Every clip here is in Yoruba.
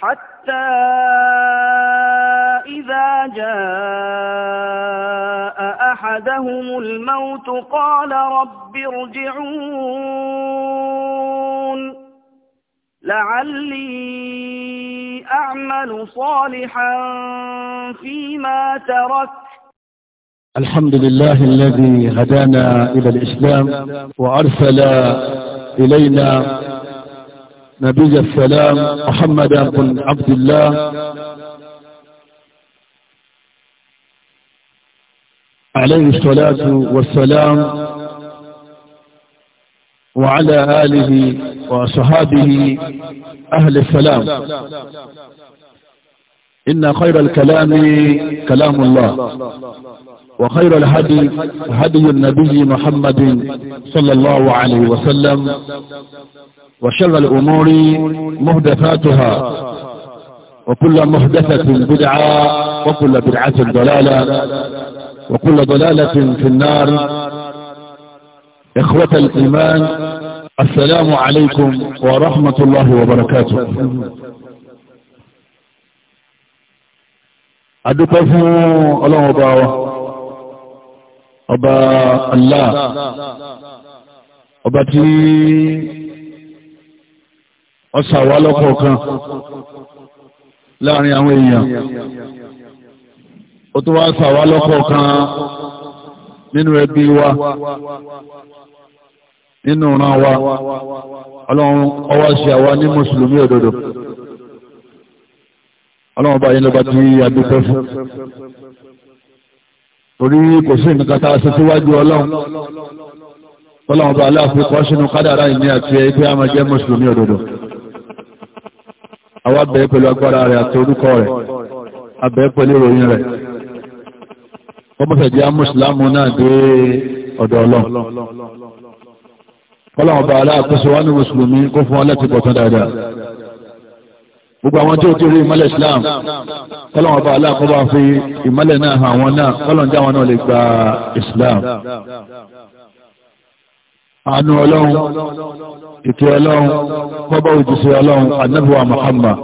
حتى إذا جاء أحدهم الموت قال رب ارجعون لعلي أعمل صالحا فيما تركت الحمد لله الذي هدانا إلى الإسلام وأرسل إلينا نبي السلام محمد بن عبد الله عليه الصلاة والسلام وعلى آله وصحابه أهل السلام إن خير الكلام كلام الله وخير الهدي هدي النبي محمد صلى الله عليه وسلم وشر الأمور محدثاتها وكل محدثة بدعة وكل بدعة ضلالة وكل ضلالة في النار إخوة الإيمان السلام عليكم ورحمة الله وبركاته adúpẹ́ الله ọlọ́run أبا الله أبا ọ̀sà wà lọ́kọ̀ọ̀kan láàrin àwọn èèyàn ó tó wá sà wà lọ́kọ̀ọ̀kan nínú ẹbí wa nínú ọ̀ràn wa ọlọ́run ọwá ṣe àwa ní mùsùlùmí òdodo ọlọ́run bá yín lọ́ba tí a dúpẹ́ fún torí kò sí nǹkan tá a ṣe síwájú ọlọ́run ọlọ́run bá aláàfin kọ́ sínú kádàrá ìní àti ẹgbẹ́ àmọ́jẹ́ mùsùlùmí òdodo àwa bẹ̀ẹ́ pẹ̀lú agbára rẹ̀ àti orúkọ rẹ̀ abẹ́ pẹ̀lú ìròyìn rẹ̀ ọmọkẹ̀jẹ́ amúsùlámù náà dé ọ̀dọ̀ ọlọ́run kọ́lọ́wọ́n bá aláàkóso wá ní mùsùlùmí kó fún ọlẹ́tì pọ̀tán dáadáa gbogbo àwọn tí ó ti rí ìmọ́lẹ̀ islam kọ́lọ́wọ́n bá aláàkóbá fi ìmọ́lẹ̀ náà hàn àwọn náà kọ́lọ́njá àwọn náà lè gba islam àánú ọlọ́run ìtì ọlọ́run kọ́bọ̀ òjìṣẹ́ ọlọ́run annabuwa Muhammad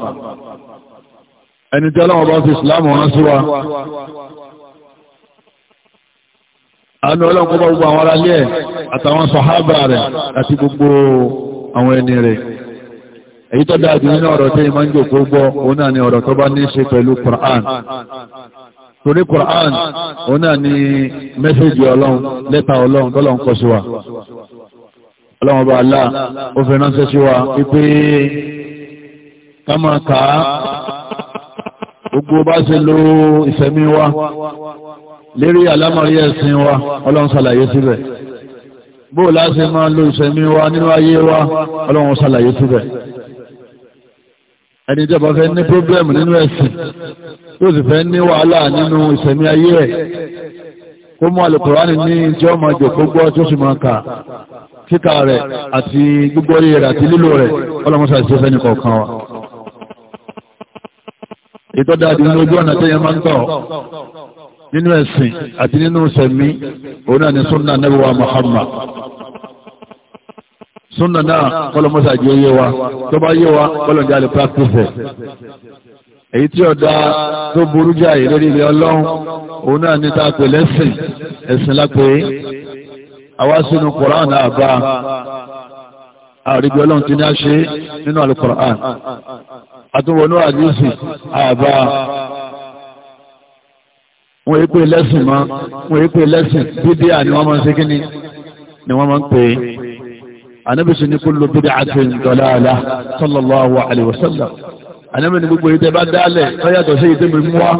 ẹni tí ọlọ́run bá fi islamu rán sí wa àánú ọlọ́run kọ́bọ̀ gbogbo àwọn aráalé ẹ̀ àtàwọn sọ̀hábà rẹ̀ àti gbogbo àwọn ẹni rẹ̀ èyí tó dáadì ọlọ́wọ́n bá aláà ó fẹ́ ránṣẹ́ sí wa wípé ká máa kà á gbogbo bá ṣe lo ìṣẹ̀mí wa lérí àlámọ̀rí ẹ̀sìn wa ọlọ́run ṣàlàyé síbẹ̀ bóò láti máa lo ìṣẹ̀mí wa nínú ayé wa ọlọ́run ṣàlàyé síbẹ̀ ẹni ìjọba fẹ́ ní pírọ́blẹ́mù nínú ẹ̀sìn yóò sì fẹ́ ní wàhálà nínú ìṣẹ̀mí ayé ẹ̀ kó mú àlùkùránì ní ìjọ́ máa jòkó gbọ́ tó sì máa kà kíkà rẹ̀ àti gbogbo orí rẹ̀ àti lílò rẹ̀ ọlọ́mọsà ìṣe fẹ́ nìkan kan wa. ìtọ́jà àti nínú ojú ọ̀nà tẹ́yẹ máa ń tọ̀ nínú ẹ̀sìn àti nínú sẹ̀mí òun náà ni sunna nabi wa Muhammad sunna náà ọlọ́mọsà ìjọ yé wa tó bá yé wa ọlọ́jà àlè practice ẹ̀ èyí tí ọ̀dá tó burú jáì lórí ilẹ̀ ọlọ́run òun náà ni ta pè lẹ́sìn ẹ̀sìn lápẹ́ àwa sínú Qur'an àbá àrígbé ọlọ́run ti ní a ṣe nínú al-Qur'an àtúnwọnú àdíyèsí àbá wọ́n èpè lẹ́sìn mọ́ wọ́n èpè lẹ́sìn bídíà ni wọ́n máa ń ṣe kíni ni wọ́n máa ń pè é anábìsí ní kullu bid'atin dalalah sallallahu alaihi wasallam ànábì ní gbogbo ìtẹ́ bá dálẹ̀ tọ́yàtọ̀ sí ìtẹ́ mi mú wá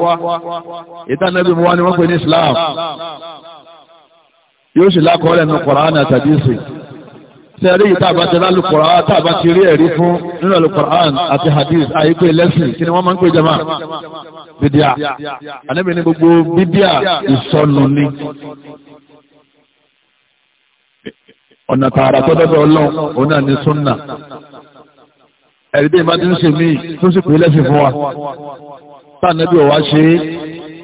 ìtànàbì mú wá ni wọ́n pè ní Islam yóò sì lákọọ́lẹ̀ nínú Kùránì àtàdé sí sẹ́rí yìí tàbá ti lálù Kùránì tàbá ti rí ẹ̀rí fún nínú àlù Kùránì àti hadith àyíkpé lẹ́sìn kí ni wọ́n máa ń pè jama bídíà ànábì ní gbogbo bídíà ìsọnù ni ọ̀nà tààrà tó dọ́dọ̀ ọlọ́run òun náà ní súnà ẹ̀rí dé ìbátan ṣe mí tó sì pè lẹ́sìn fún wa táà nẹ́bí ọ̀wá ṣe é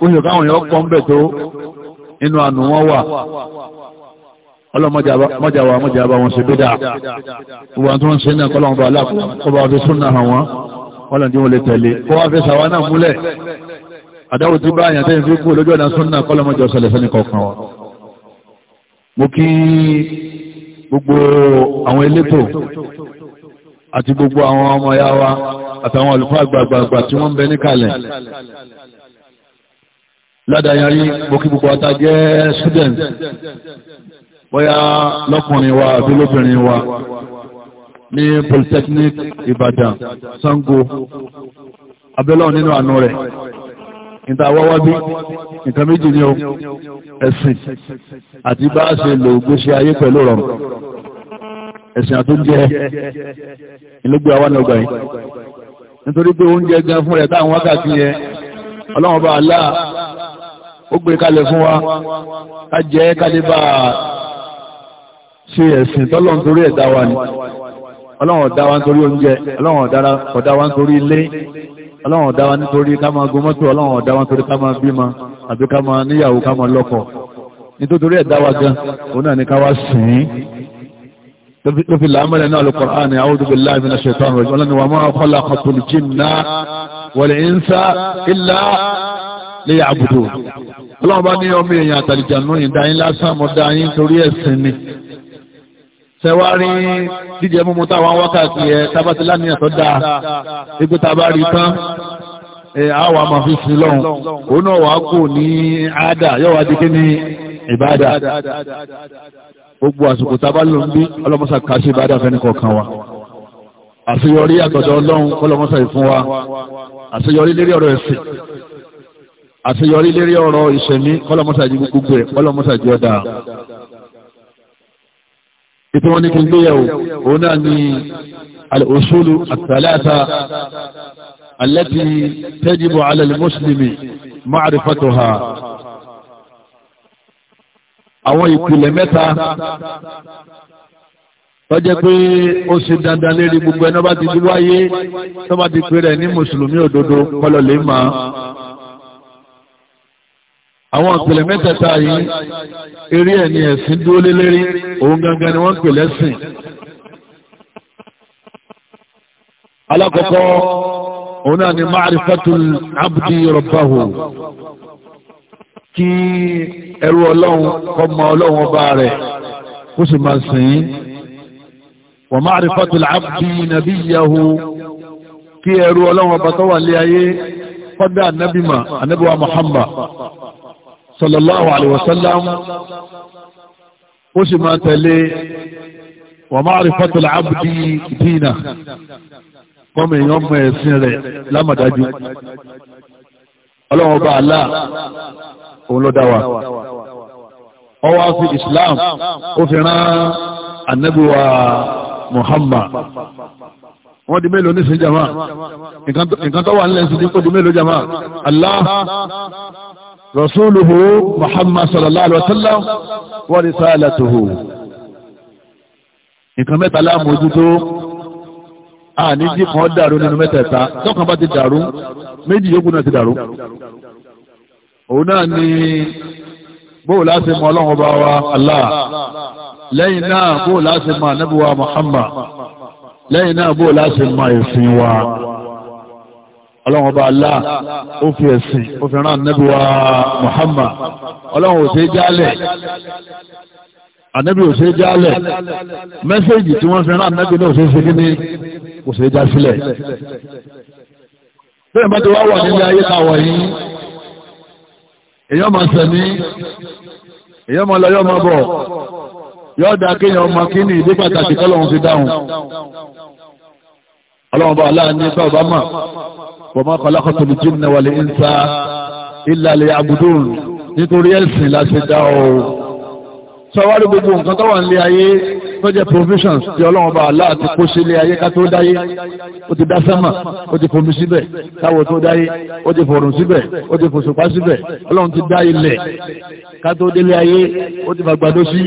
ó sì káwọn èèyàn pọ̀ ń tó inú àná wọn wà ọlọ́mọjàwà mọ́jàwà wọn sí bídá ìwọ̀n tó ń ṣe náà kọ́lọ̀ ọba aláàkọ́bà fi súnà hàn wọ́n wọ́n tí wọ́n lè tẹ̀lé kọ́ wá fi sàwọn náà múlẹ̀ àdáwò tí bá àyàn tẹ́yìn fi kú lójú ọ̀nà súnà kọ́lọ́mọjọ sẹlẹ̀ sẹ́ni kọ̀ọ̀kan wọn mo kí gbogbo àwọn elétò àti gbogbo bóyá lọ́kùnrin wa àbí lóbìnrin wa ní polytechnic Ìbàdàn Sango abẹ́lọ́ nínú àánú rẹ̀ ìtawọ́wábí nǹkan méjì ní o ẹ̀sìn àti bá a ṣe lò gbéṣe ayé pẹ̀lú rọrùn ẹ̀sìn àti oúnjẹ ìlúgbé àwa ní ọgbà yìí nítorí pé oúnjẹ gan fún rẹ̀ táwọn wákàtí yẹn ọlọ́run bá aláà ó gbé kalẹ̀ fún wa ká jẹ́ kálíbà ṣe ẹ̀sìn tọ́lọ́ nítorí ẹ̀dá wa ni ọlọ́run ọ̀dá wa nítorí oúnjẹ ọlọ́run ọ̀dá wa nítorí ilé ọlọ́run ọ̀dá wa nítorí ká máa gun mọ́tò ọlọ́run ọ̀dá wa nítorí ká máa bímọ àbí ká máa níyàwó ká máa lọ́kọ nítorí ẹ̀dá wa gan òun náà ni ká wá sìn ín ló fi làámọ́lẹ̀ náà lọ Kùránì a'udhu billahi minash shaitani rajim ọlọ́ni wa ma khalaqtul jinna wal insa illa liya'budun ọlọ́run bá ní ọmọ èèyàn àtàlìjànú ìdáyín lásán mọ́ dáyín torí ẹ̀sìn ni sẹwárí jíjẹ múmu táwọn wákàtí ẹ tábàtílá ní ẹ̀tọ́ dáa ipò tàbá rí tán àwọn àmà fi sí lọ́hùn òun náà wàá kò ní àádà yóò wá di kí ní ìbádà gbogbo àsìkò tàbá ló ń bí ọlọ́mọsà kàṣí ìbádà fẹ́ni kọ̀ọ̀kan wa àṣeyọrí àtọ̀dọ̀ ọlọ́run ọlọ́mọsà ìfún wa àṣeyọrí lérí ọ̀rọ̀ ẹ̀sìn àṣeyọrí lérí ọ̀rọ̀ ìṣẹ̀mí ọlọ́mọsà ìjì gbogbo ẹ̀ ọlọ́mọsà ìjì ọ̀dà ètò wọn ní kí n gbé yẹ̀wò òun náà ni al'usulu àtàlẹ́ta alẹ́tì tẹ́jìbò alẹ́lẹ́ mùsùlùmí máàrífàtò ha àwọn ìpìlẹ̀ mẹ́ta tọ́jẹ́ pé ó ṣe dandan lérí gbogbo ẹ̀nà bá ti di wáyé tọ́bá ti pè ní mùsùlùmí òdodo kọlọ̀lẹ́ àwọn àpèlè mẹ́tẹ̀ẹ̀ta yìí eré ẹ̀ ní ẹ̀sìn dúró lé lérí òun gangan ni wọ́n ń pè lẹ́sìn alákọ̀ọ́kọ́ òun náà ni ma'rifatul abdi rabbahu kí ẹrú ọlọ́run kó mọ ọlọ́run ọba rẹ̀ kó sì máa sìn wa ma'rifatul abdi nabiyyahu kí ẹrú ọlọ́run ọba tó wà lé ayé kó dá ànábìmọ̀ ànábìwá Muhammad sallallahu alaihi wasallam ó sì máa tẹ̀lé wa ma'rifatul abdi dina kọ́mọ èèyàn mọ ẹ̀sìn rẹ̀ lámàdájú ọlọ́run ọba àlá òun ló dá wa ó wá fi islam ó fi rán anabiwa muhammad wọ́n di mélòó ní sin jama nǹkan tó wà nílẹ̀ sí ní kó di mélòó jama allah رسوله محمد صلى الله عليه وسلم ورسالته. risalatuhu nǹkan mẹ́ta láàmójútó àní jí kan dàrú nínú mẹ́tẹ̀ẹ̀ta tọ́kàn bá ti dàrú méjì yókù náà ti dàrú òun náà ni bóò láti mọ ọlọ́run ọba wa allah lẹ́yìn náà bóò láti mọ anábíwá muhammad lẹ́yìn náà bóò láti mọ ìsìn wa ọlọ́run ọba Allah ó fi ẹ̀sìn ó fi rán ànábì wa Muhammad ọlọ́run ò ṣe jálẹ̀ ànábì ò ṣe jálẹ̀ mẹ́sẹ̀gì tí wọ́n fi rán ànábì náà ò ṣe ṣe kí ni kò ṣe já sílẹ̀ bẹ́ẹ̀ bá ti wá wà nílé ayé ta wà yìí èyàn máa sẹ̀mí èyàn lọ yọ́ máa bọ̀ yọ́ da kéèyàn máa kí ìdí pàtàkì tọ́lọ́run fi dáhùn ọlọ́run bá aláàánú bá ọba máa wa ma khalaqtul jinna wal insa illa liya'budun nítorí ẹ̀sìn la ṣe dá ọ sọwárí gbogbo nǹkan tó wà nílé ayé tó jẹ́ provisions tí ọlọ́run bá aláà ti kó sílé ayé ká tó dáyé ó ti dá sánmà ó ti fomi síbẹ̀ káwọ̀ tó dáyé ó ti fọ̀rùn síbẹ̀ ó ti fòṣùpá síbẹ̀ ọlọ́run ti dá ilẹ̀ ká tó délé ayé ó ti fàgbàdo sí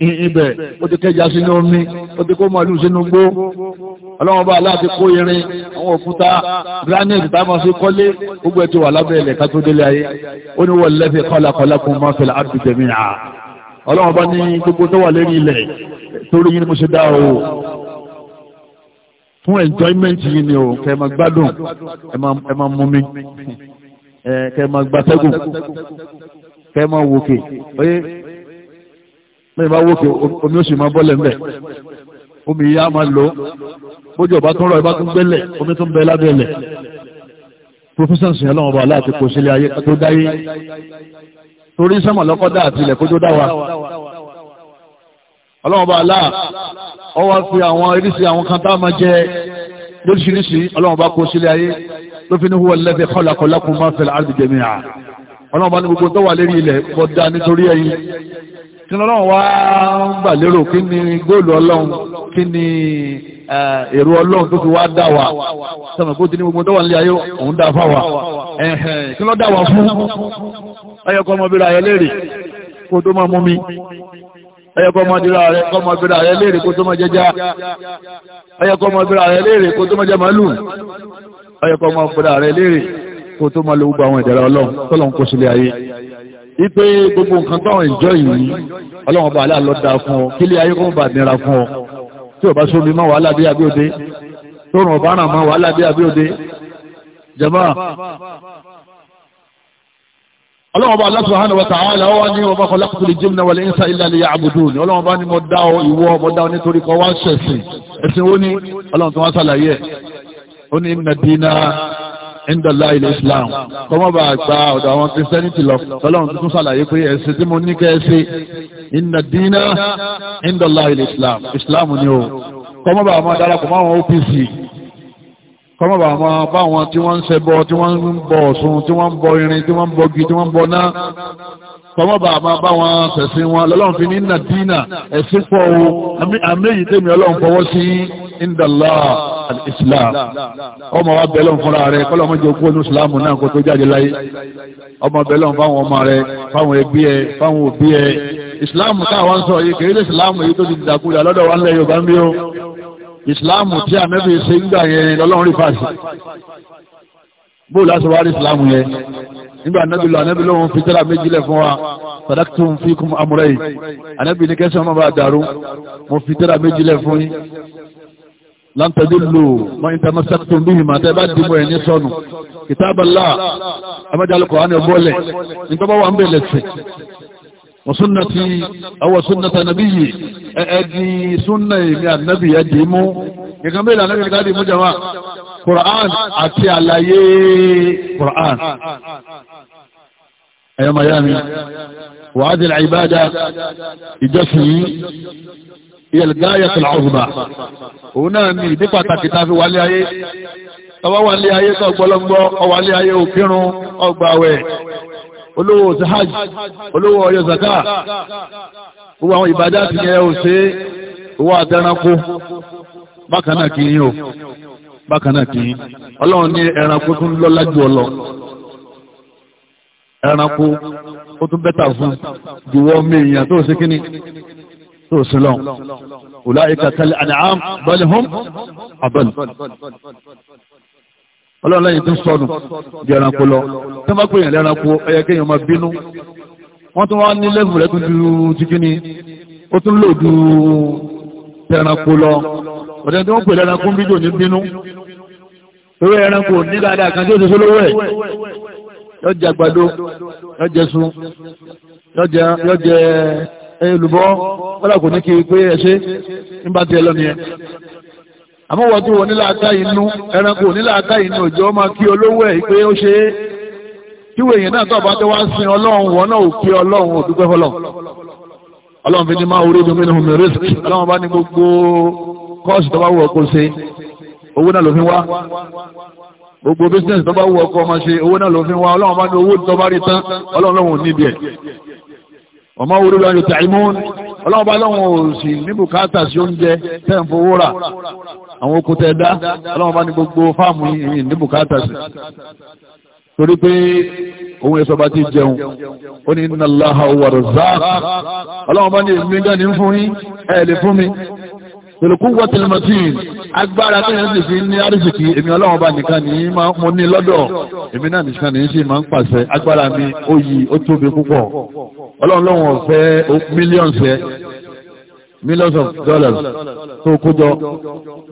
ibẹ̀ ó ti kẹjà sínú omi ó ti kó màálù sínú gbó ọlọ́wọ́n bá aláàtí kó irin àwọn òkúta granite táwọn fi kọ́lé gbogbo ẹ̀tí wà lábẹ́ ilẹ̀ ká tó délé ayé ó ní wọ́n lẹ́fẹ̀ẹ́ kọ́lákọ́lá kún máa fẹ̀lẹ̀ àdùjẹ mi ọlọ́wọ́n bá ní gbogbo tó wà lérí ilẹ̀ torí yín mo ṣe dá o fún enjoyment yìí ni o kẹ́ máa gbádùn ẹ máa mú mi kẹ́ máa gbatẹ́gùn kẹ́ máa wòkè bẹ́ẹ̀ bá wókè omi oṣù máa bọ́lẹ̀ ń bẹ̀ omi ìyá máa lò bójú ọba tó ń rọ ìbá tó ń gbẹ́lẹ̀ omi tó ń bẹ lábẹ́lẹ̀ professor sìn ọlọ́run ọba aláàtí kò sílé ayé tó dáyé torí sọ́mọ̀ lọ́kọ́ dá àtìlẹ̀ kó tó dá wa ọlọ́run a máa jẹ lóríṣiríṣi ọlọ́run ọba kó sílé ayé ló fi ní huwa alladhi khalaqa lakum ma fil ardi jami'a ọlọ́run ọba ní gbogbo tó wà lérí ilẹ̀ bọ́ dá nítorí ẹ̀yin kí ni ọlọ́run wá ń gbà lérò kí ni góòlù ọlọ́run kí ni èrò ọlọ́run tó fi wá dá wa sọ̀rọ̀ kó ti ní gbogbo tó wà nílé ayé òun dá fáwa kí ló dá wa fún ẹyọkọ ọmọbìnrin ayé léèrè kó tó máa mú mi ẹyọkọ ọmọbìnrin ayé léèrè kó tó máa jẹjá ẹyọkọ ọmọbìnrin ayé léèrè kó tó máa jẹ màálù ẹyọkọ ọmọbìnrin ayé léèrè kó tó máa lo gbogbo àwọn ìdára ọlọ́run tọ́lọ́run kó ipe gbogbo nǹkan táwọn ìjọ yìí ọlọ́run bá aláàlọ́ dáa fún ọ kílé ayé kó bá nira fún ọ tí ò bá sómi mọ́ wàhálà bí abíòde tó rùn ọ̀bá ràn mọ́ wàhálà bí abíòde jàmá ọlọ́run bá Allah subhanahu wa ta'ala wá ní ọba khalaqtul jinna wal insa illa liya'budun ọlọ́run bá ní mo dá ọ ìwọ ọmọ dá ọ nítorí kọ wá ṣẹ̀sìn ẹ̀sìn ó ní ọlọ́run tó wá ṣàlàyé ó ní inna ìndọ̀lá ilẹ̀ Islam kọ́mọ́ bá gba ọ̀dọ̀ àwọn kìrìsẹ́nìtì lọ tọ́lọ́run tuntun sàlàyé pé ẹ̀sìn tí mo ní kẹ́ẹ̀sì ìnà dínà ìndọ̀lá ilẹ̀ Islam Islam ni o kọ́mọ́ bá máa darapọ̀ mọ́ àwọn OPC kọ́mọ́ bá máa bá wọn tí wọ́n ń ṣẹbọ tí wọ́n ń bọ Ọ̀ṣun tí wọ́n ń bọ irin tí wọ́n ń bọ gi tí wọ́n ń bọ ná kọ́mọ́ bá máa bá wọn ṣẹ̀sìn wọn lọ́lọ́run fi ní ìnà dínà ẹ̀sìn pọ̀ o àmì èyí tèmi ọlọ́run fọwọ́ sí ìndọ̀lá islam ọmọ wa bẹ̀lọ̀ fúnra rẹ̀ kọ́lọ̀ mọ́jọ kú ọdún islam náà kó tó jáde láyé ọmọ bẹ̀lọ̀ fáwọn ọmọ rẹ̀ fáwọn ẹbí ẹ fáwọn òbí ẹ islam táwọn ń sọ yìí kìí ṣe islam yìí tó ti dàkúdà lọ́dọ̀ wa nílẹ̀ yorùbá ń bí ó islam tí a mẹ́fì ṣe ń gbà yẹn lọ́lọ́run rí fàṣì bóò láti wá rí islam yẹn nígbà anábì lọ anábì lóhun fi tẹ́lá méjìlẹ̀ fún wa sadaktum fikum amúrẹ́yì anábì ní kẹsàn-án máa bá dàrú mo fi tẹ́lá méjìlẹ̀ fún yín lántàdé lò mọ́ ìtàmọ́sẹ́tò bíi màtẹ́ bá dìbò ẹ̀ ní sọnù kìtàbàlá ẹmọ́jálùkọ̀ á ní ọgbọ́lẹ̀ nígbàbá wà ń bẹ̀lẹ̀ sí wọ́súnnà ti ọwọ́ súnnà tànàbí yìí ẹ̀ẹ́dì súnnà èmi ànábì ẹ̀dì mú gẹ̀gẹ́ mẹ́lẹ̀ ànábì ní káàdì mú jama Qur'an àti àlàyé Qur'an ẹ̀yọ́ mayami wàá dìlà ìbáda ìjọsìn ìyẹ̀lgáyà tó làwùmá òun náà ní ìdí pàtàkì tá a fi wálé ayé tọwọ́ wálé ayé tó gbọ́lọ́gbọ́ ọwálé ayé òkírun ọgbàwẹ̀ olówó zahaj olówó ọyọ zaka gbogbo àwọn ìbàdá ti yẹ ò ṣe owó àtẹranko bákan náà kì í o bákan náà kì í ọlọ́run ní ẹranko tún lọ́lá jù ọ lọ ẹranko ó tún bẹ́tà fún jùwọ́ mi èèyàn tó ṣe kíní tó sílọ́n ulaika kal an'am bal hum abal ọlọ́run lẹ́yìn tó sọnù di ẹranko lọ tó bá pèèyàn lẹ́ranko ẹyẹ kéèyàn máa bínú wọ́n tún wá ní lẹ́fù rẹ̀ tún ju jíkíní ó tún lò ju ẹranko lọ ọ̀dẹ́ tí wọ́n pè lẹ́ranko ń bíjò ní bínú ewé ẹranko ní dáadáa kan tí ó ti sólówó ẹ̀ yọ jẹ àgbàdo yọ sun yọ E wọ́n kò ní kí pé ẹ ikpe nígbà tí ẹ lọ nìyẹn àmọ́ ata inú ẹranko nílà ata inú òjò ọmọ kí olówó ẹ̀ pé ó ṣe é kíwò èèyàn náà wá sin ọlọ́run wọn náà ò kí ọlọ́run ò dúpẹ́ fọlọ́ ọlọ́run fi ní máa orí risk gbogbo kọ́ọ̀sì tó bá wù ṣe owó náà gbogbo tó bá wù ọmọ ṣe owó náà ló fi wá ọlọ́run bá ní owó tó bá ọmọ orí lọ yóò tàí mún ọlọ́wọ́ bá lọ́wọ́ òsì ní bùkátà sí oúnjẹ tẹ́m fowó rà àwọn oko tẹ́ẹ̀dá ọlọ́wọ́ bá ní gbogbo fáàmù yìí ní bùkátà sí torí pé ohun ẹ̀sọ́ bá ti jẹun ó ní inna Allaha huwa razzaq ọlọ́wọ́ ní fún yín ẹ̀ lè fún mi pẹ̀lúkú wọ́tìlmọ̀tíìn agbára tẹ́yàn sì fi ní àrísìkí èmi ọlọ́run bá nìkan ní mo ní lọ́dọ̀ èmi náà nìkan ní sí máa ń pàṣẹ agbára mi ó yí ó tóbi púpọ̀ ọlọ́run ọ̀fẹ́ millions yẹ millions of dollars tó kójọ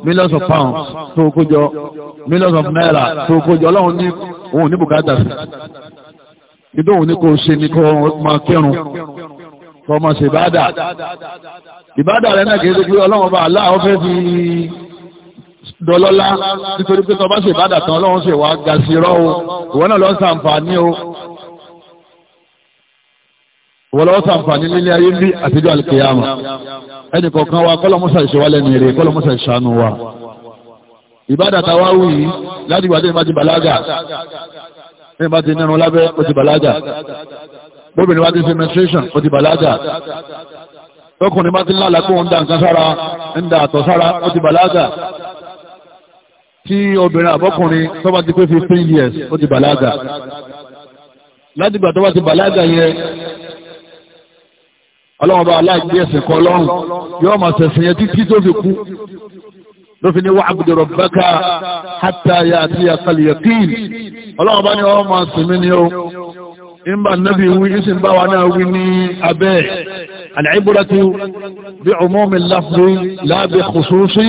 millions of pounds tó kójọ millions of naira tó kójọ ọlọ́run ní òun ní bùkátà sí ìdóhun ní kò ṣe ní kò máa kírun fọmọ ṣe ìbádà ìbádà rẹ̀ náà kìí ṣe pé ọlọ́run bá aláà ó fẹ́ fi dọlọ́lá nítorí pé tọba ṣe ìbádà tán ọlọ́run ṣe wá ga sí rọ́ o ìwọ náà lọ sàǹfààní o ìwọ lọ́wọ́ sàǹfààní nílé ayé bí àtijọ́ àlùkìyàmù ẹnì kọ̀ọ̀kan wa kọ́lọ́mùsà ìṣèwálẹ̀ ní èrè kọ́lọ́mùsà ìṣàánú wa ìbádà tá a wá wù yìí láti ìgbà tí ìbá ti bàlágà ìbá ti nírun lábẹ́ ó ti bàlágà bóbìnrin bá ti ṣe menstruation ó ti bàlágà tọkùnrin bá ti ń lálàá pé òun da nǹkan sára ń da àtọ̀ sára ó ti bàlágà tí obìnrin àbọ́kùnrin tó bá ti pé fifteen years ó ti bàlágà látìgbà tó bá ti bàlágà yẹn ọlọ́run bá aláàgbé ẹ̀sìn kan ọlọ́run yóò máa ṣẹ̀sìn yẹn títí tó fi kú ló fi ní wa'budu rabbaka hatta ya'tiyakal yaqin ọlọ́run bá ní ọmọ sinmi ni ó ìmbà nábi wí ìsì ń bá wa náà wí ní abẹ́ al-ibratu bí umumi al-lafzi la bi khususi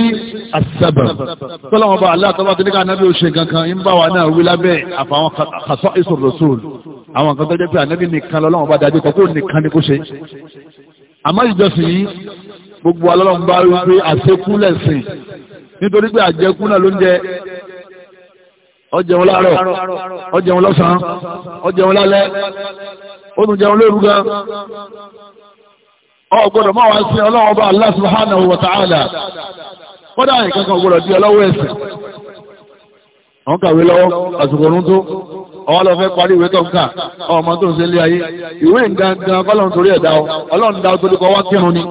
as-sabab tọ́lọ́wọ́ bá aláàtọ́bá tó níka nábi òṣè kankan ń bá wa náà wí lábẹ́ àfàwọn khasa'is ar-rasul àwọn kan tó jẹ́ pé ànábi nìkan lọ́lọ́wọ́ bá dájú kọ́kó nìkan ní kó ṣe àmọ́ ìjọsìn yìí gbogbo alọ́lọ́wọ́ bá wí pé àṣekú lẹ̀sìn nítorí pé àjẹkú náà ló ń jẹ ọjẹun láàárọ̀ ọjẹun lọ́sàn ọjẹun lálẹ́ ó jẹun lóru gan ọ gbọ́dọ̀ máa wá sí Ọlọ́run Ọba Allah ọ wa ta'ala kódà nǹkan kan gbọ́dọ̀ di ọlọ́wọ́ ẹ̀sìn àwọn kàwé lọ́wọ́ àsìkò ọ̀run tó ọwọ́ lọ fẹ́ parí ìwé tó ń kà ọmọ tó ń ṣe ayé ìwé torí ẹ̀dá ọ Ọlọ́run dá kọ́ wá kírun ni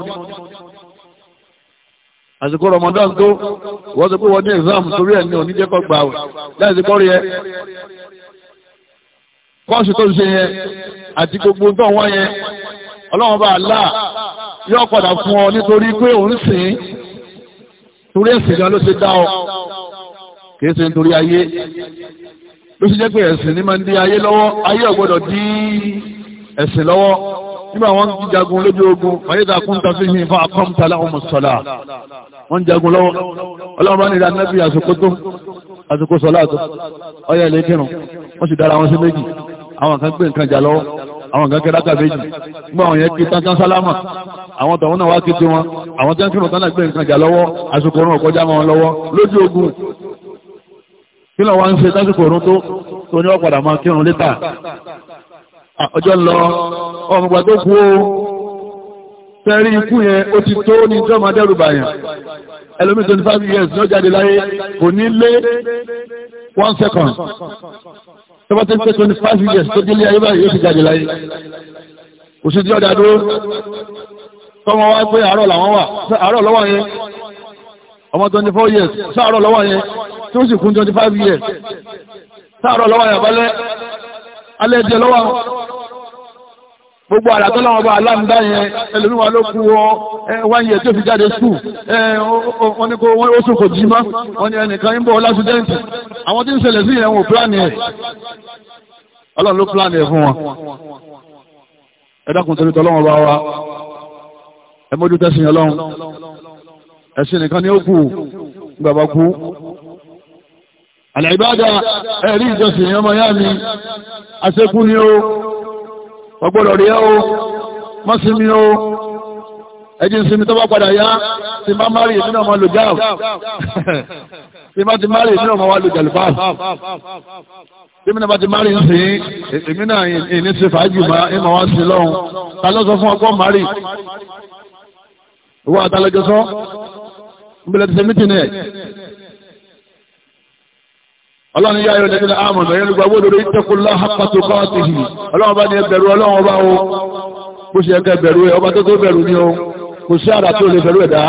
àsìkò Ramadan tó wọ́n ti pé wọ́n ní exam torí ẹ̀ ní oníjẹ́kọ̀ gbà wẹ̀ láìsí kọ́rí ẹ kọ́ọ̀sì tó ń ṣe yẹn àti gbogbo tó ń wá yẹn ọlọ́run bá àlá yóò padà fún ọ nítorí pé òun sìn torí ẹ̀sìn gan ló ṣe dá ọ kìí ṣe nítorí ayé ló ṣe jẹ́ pé ẹ̀sìn ní máa ń di ayé lọ́wọ́ ayé ò gbọ́dọ̀ di ẹ̀sìn lọ́wọ́ nígbà wọn jagun lójú ogun fàyíta kún tàbí yìí fa àkọ́mta láwọn mọ̀sọ́lá wọ́n jagun lọ́wọ́ ọlọ́run bá nílẹ̀ anábì àsìkò tó àsìkò sọ́lá tó ọyá ilé kírun wọ́n sì dára wọn sí méjì àwọn kan gbé nǹkan jà lọ́wọ́ àwọn kan kẹ́ dákà méjì nígbà wọn yẹn kí tán sálámà àwọn tọ̀wọ́n náà wá kí ti wọn àwọn tẹ́ ń kírun tán náà gbé nǹkan jà lọ́wọ́ àsìkò orun ọ̀kọ́já wọn lọ́wọ́ lójú ogun kí lọ́wọ́ ń ṣe tásìkò orun tó tó ní ọ̀padà ọjọ́ lọ ọmọ tó kú tẹ́rí ikú yẹn ó ti tó ní ìjọ máa dẹ́rù bàyàn ẹlòmí twenty five years ló jáde láyé kò ní lé one second tọ́ba tẹ́ pé twenty five years tó délé ayé báyìí ó ti jáde láyé kò sí tí ọ̀dà dúró tọ́mọ wá pé àárọ̀ làwọn wà àárọ̀ lọ́wọ́ yẹn ọmọ twenty years sáàárọ̀ lọ́wọ́ yẹn tí ó sì kún twenty years sáàárọ̀ lọ́wọ́ yẹn àbálẹ́ alẹ́ díẹ̀ lọ́wọ́ gbogbo àrà tó láwọn bá aláǹdá yẹn ẹlòmíwà ló kú wọ́n yẹ tó fi jáde skul wọ́n ní kó wọ́n ó jí mọ́ wọ́n ní ẹnìkan ń bọ̀ lásìdẹ́ǹtì àwọn tí ń ṣẹlẹ̀ sí ìyẹn wò ẹ̀ ọlọ́run ló pílánì ẹ̀ fún wọn ẹ dákun torí tọ́lọ́wọ́n ọgbọ́dọ̀ rí ẹ́ o mọ́ sí mi o ẹjí ń sinmi tó bá padà yá tí má má rí èmi náà máa lò jáàm tí má ti má rí náà máa wá lò jàlùbá tí mi náà bá ti má ń sìn èmi náà ìní ti fàájì máa ń máa wá sí lọ́hùn ta ló sọ fún ọgbọ́n má rí àtàlẹ́jọ sọ ń bẹ̀rẹ̀ ti ṣe mítìnì ọlọ́run yáyọ lẹ́gbẹ̀rẹ̀ àmọ̀nà yẹn gbogbo olórí ìtẹ́kùnlá hapàtó káàtì hì ọlọ́run bá ní ẹbẹ̀rù ọlọ́run ọba o bó ṣe ẹgbẹ́ bẹ̀rù ẹ ọba tó tó bẹ̀rù ni o kò sí àrà tó lè bẹ̀rù ẹ̀dá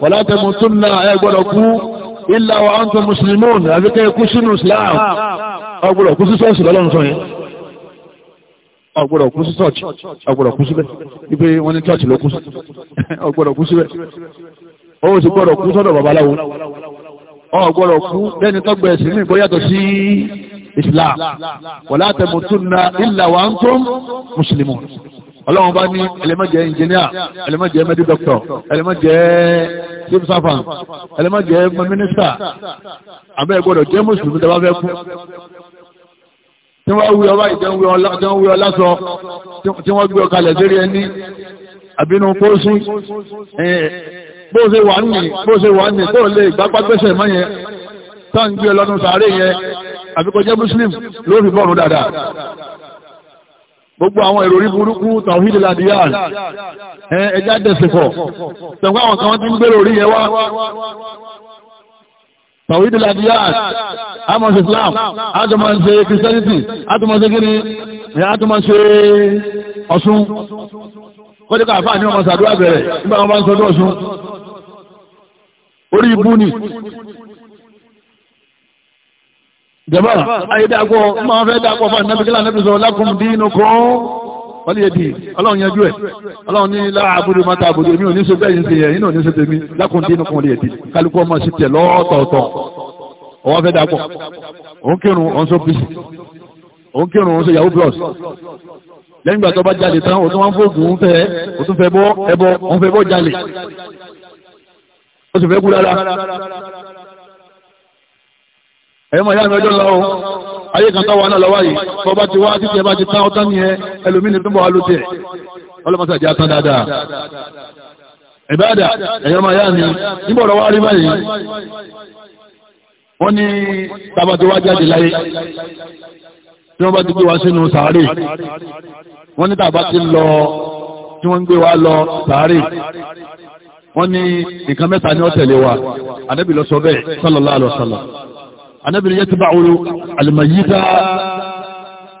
wà látẹ̀mú tún náà ẹ gbọ́dọ̀ kú ilà wa ń tẹ mùsùlùmí àfi kẹ́ kú sínú Islam ọgbọ́dọ̀ kú sí ṣọ́ọ̀ṣì lọ́lọ́run sọ yẹn ọgbọ́dọ̀ kú sí ọ̀gbọ́rọ̀ kú lẹ́ni tọ́gbẹ̀ ẹ̀sìn ní ìgbóyàtọ̀ sí islam wala tamutunna illa wa antum muslimun ọlọ́run bá ní ẹlẹ́mọ̀jẹ́ engineer ẹlẹ́mọ̀jẹ́ medical doctor ẹlẹ́mọ̀jẹ́ civil servant ẹlẹ́mọ̀jẹ́ minister abẹ́ ẹgbọ́dọ̀ jẹ́ mùsùlùmí tẹ́wà fẹ́ kú tí wọ́n wí ọba ìjẹun wí ọlásọ tí wọ́n gbé ọkalẹ̀ lérí ẹni àbínú pósí bó ṣe wà ní bó ṣe wà ní tó lè gbápágbẹ́sẹ̀ mọ́ yẹn tó ń gbé ọlọ́nu sàárè yẹn àfikọ́ jẹ́ muslim ló fi bọ́ọ̀rùn dáadáa gbogbo àwọn èrò orí burúkú tàwíìdì ladiyal ẹja dẹ̀sìkọ̀ tẹ̀kọ́ àwọn kan ti ń gbèrò orí yẹn wá tàwíìdì ladiyal amos islam atomanse christianity atomanse gini atomanse ọ̀ṣun kọ́dé ká àfáà ní ọmọ sàdúrà bẹ̀rẹ̀ nígbà wọn bá ń sọdún ọ̀sùn orí ibú ni. jẹ̀bá ayé dàgbọ́ máa fẹ́ dàgbọ́ fún anábìkílà anábìsọ̀ lákùn dínú kan wọ́n lè di ọlọ́run yanjú ẹ̀ ọlọ́run ní lára àbúrò máta àbúrò mi ò ní sọgbẹ́ yìí ń sèyẹ yìí náà ní sọgbẹ́ mi lákùn dínú kan lè di kálukú ọmọ sí tẹ̀ lọ́tọ̀ọ̀tọ̀ ọwọ́ fẹ́ dàgbọ́ òun kírun òun sọ bísí òun kírun òun sọ yahoo plus lẹ́yìn ìgbà tó bá jalè tán òtún wọn fògùn ń fẹ́ òtún fẹ́ bọ́ ẹbọ òun fẹ́ bọ́ jalè ó sì fẹ́ kú lára ẹ̀yọ́ mọ̀ yára ọjọ́ lọ́wọ́ ayé kan táwọn náà lọ́wọ́ yìí tó bá ti wá títí ẹ bá ti tán ọtán yẹn ẹlòmíì tó bọ̀ wá ló tẹ̀ ọlọ́mọsá jẹ́ atán dáadáa ìbáàdà ẹ̀yọ́ mọ̀ yára ni nígbà ọ̀rọ̀ wá rí báyìí wọ́n ní tábàtí jáde láyé tí wọ́n bá ti gbé wa sínú sàárè wọ́n ní tàbá ti lọ tí wọ́n ń gbé wa lọ sàárè wọ́n ní nǹkan mẹ́ta ni ó tẹ̀lé wa anábì lọ sọ bẹ́ẹ̀ sallallahu alaihi wasallam anábì ní yatba'u al-mayyita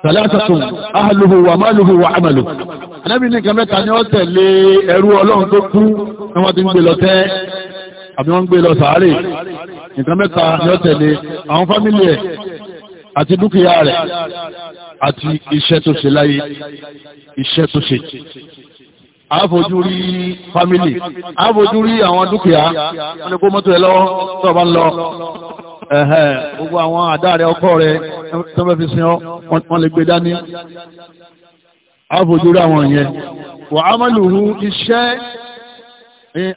thalathatun ahluhu wa maluhu wa amaluhu anábì ní nǹkan mẹ́ta ni ó tẹ̀lé ẹrú ọlọ́run tó kú ni wọ́n ti ń gbé lọ tẹ́ àbí wọ́n ń gbé lọ sàárè nǹkan mẹ́ta ni ó tẹ̀lé àwọn fámìlì ẹ̀ àti dúkìá rẹ̀ àti iṣẹ́ tó ṣe láyé iṣẹ́ tó ṣe àáfojú rí fámílì àáfojú rí àwọn dúkìá wọn ni kó mọ́tò ẹ lọ́wọ́ tó bá ń lọ ẹ̀hẹ́ gbogbo àwọn àdá rẹ ọkọ rẹ tó bá fi sin ọ wọn lè gbé dání àáfojú rí àwọn yẹn wà á máa lùhú iṣẹ́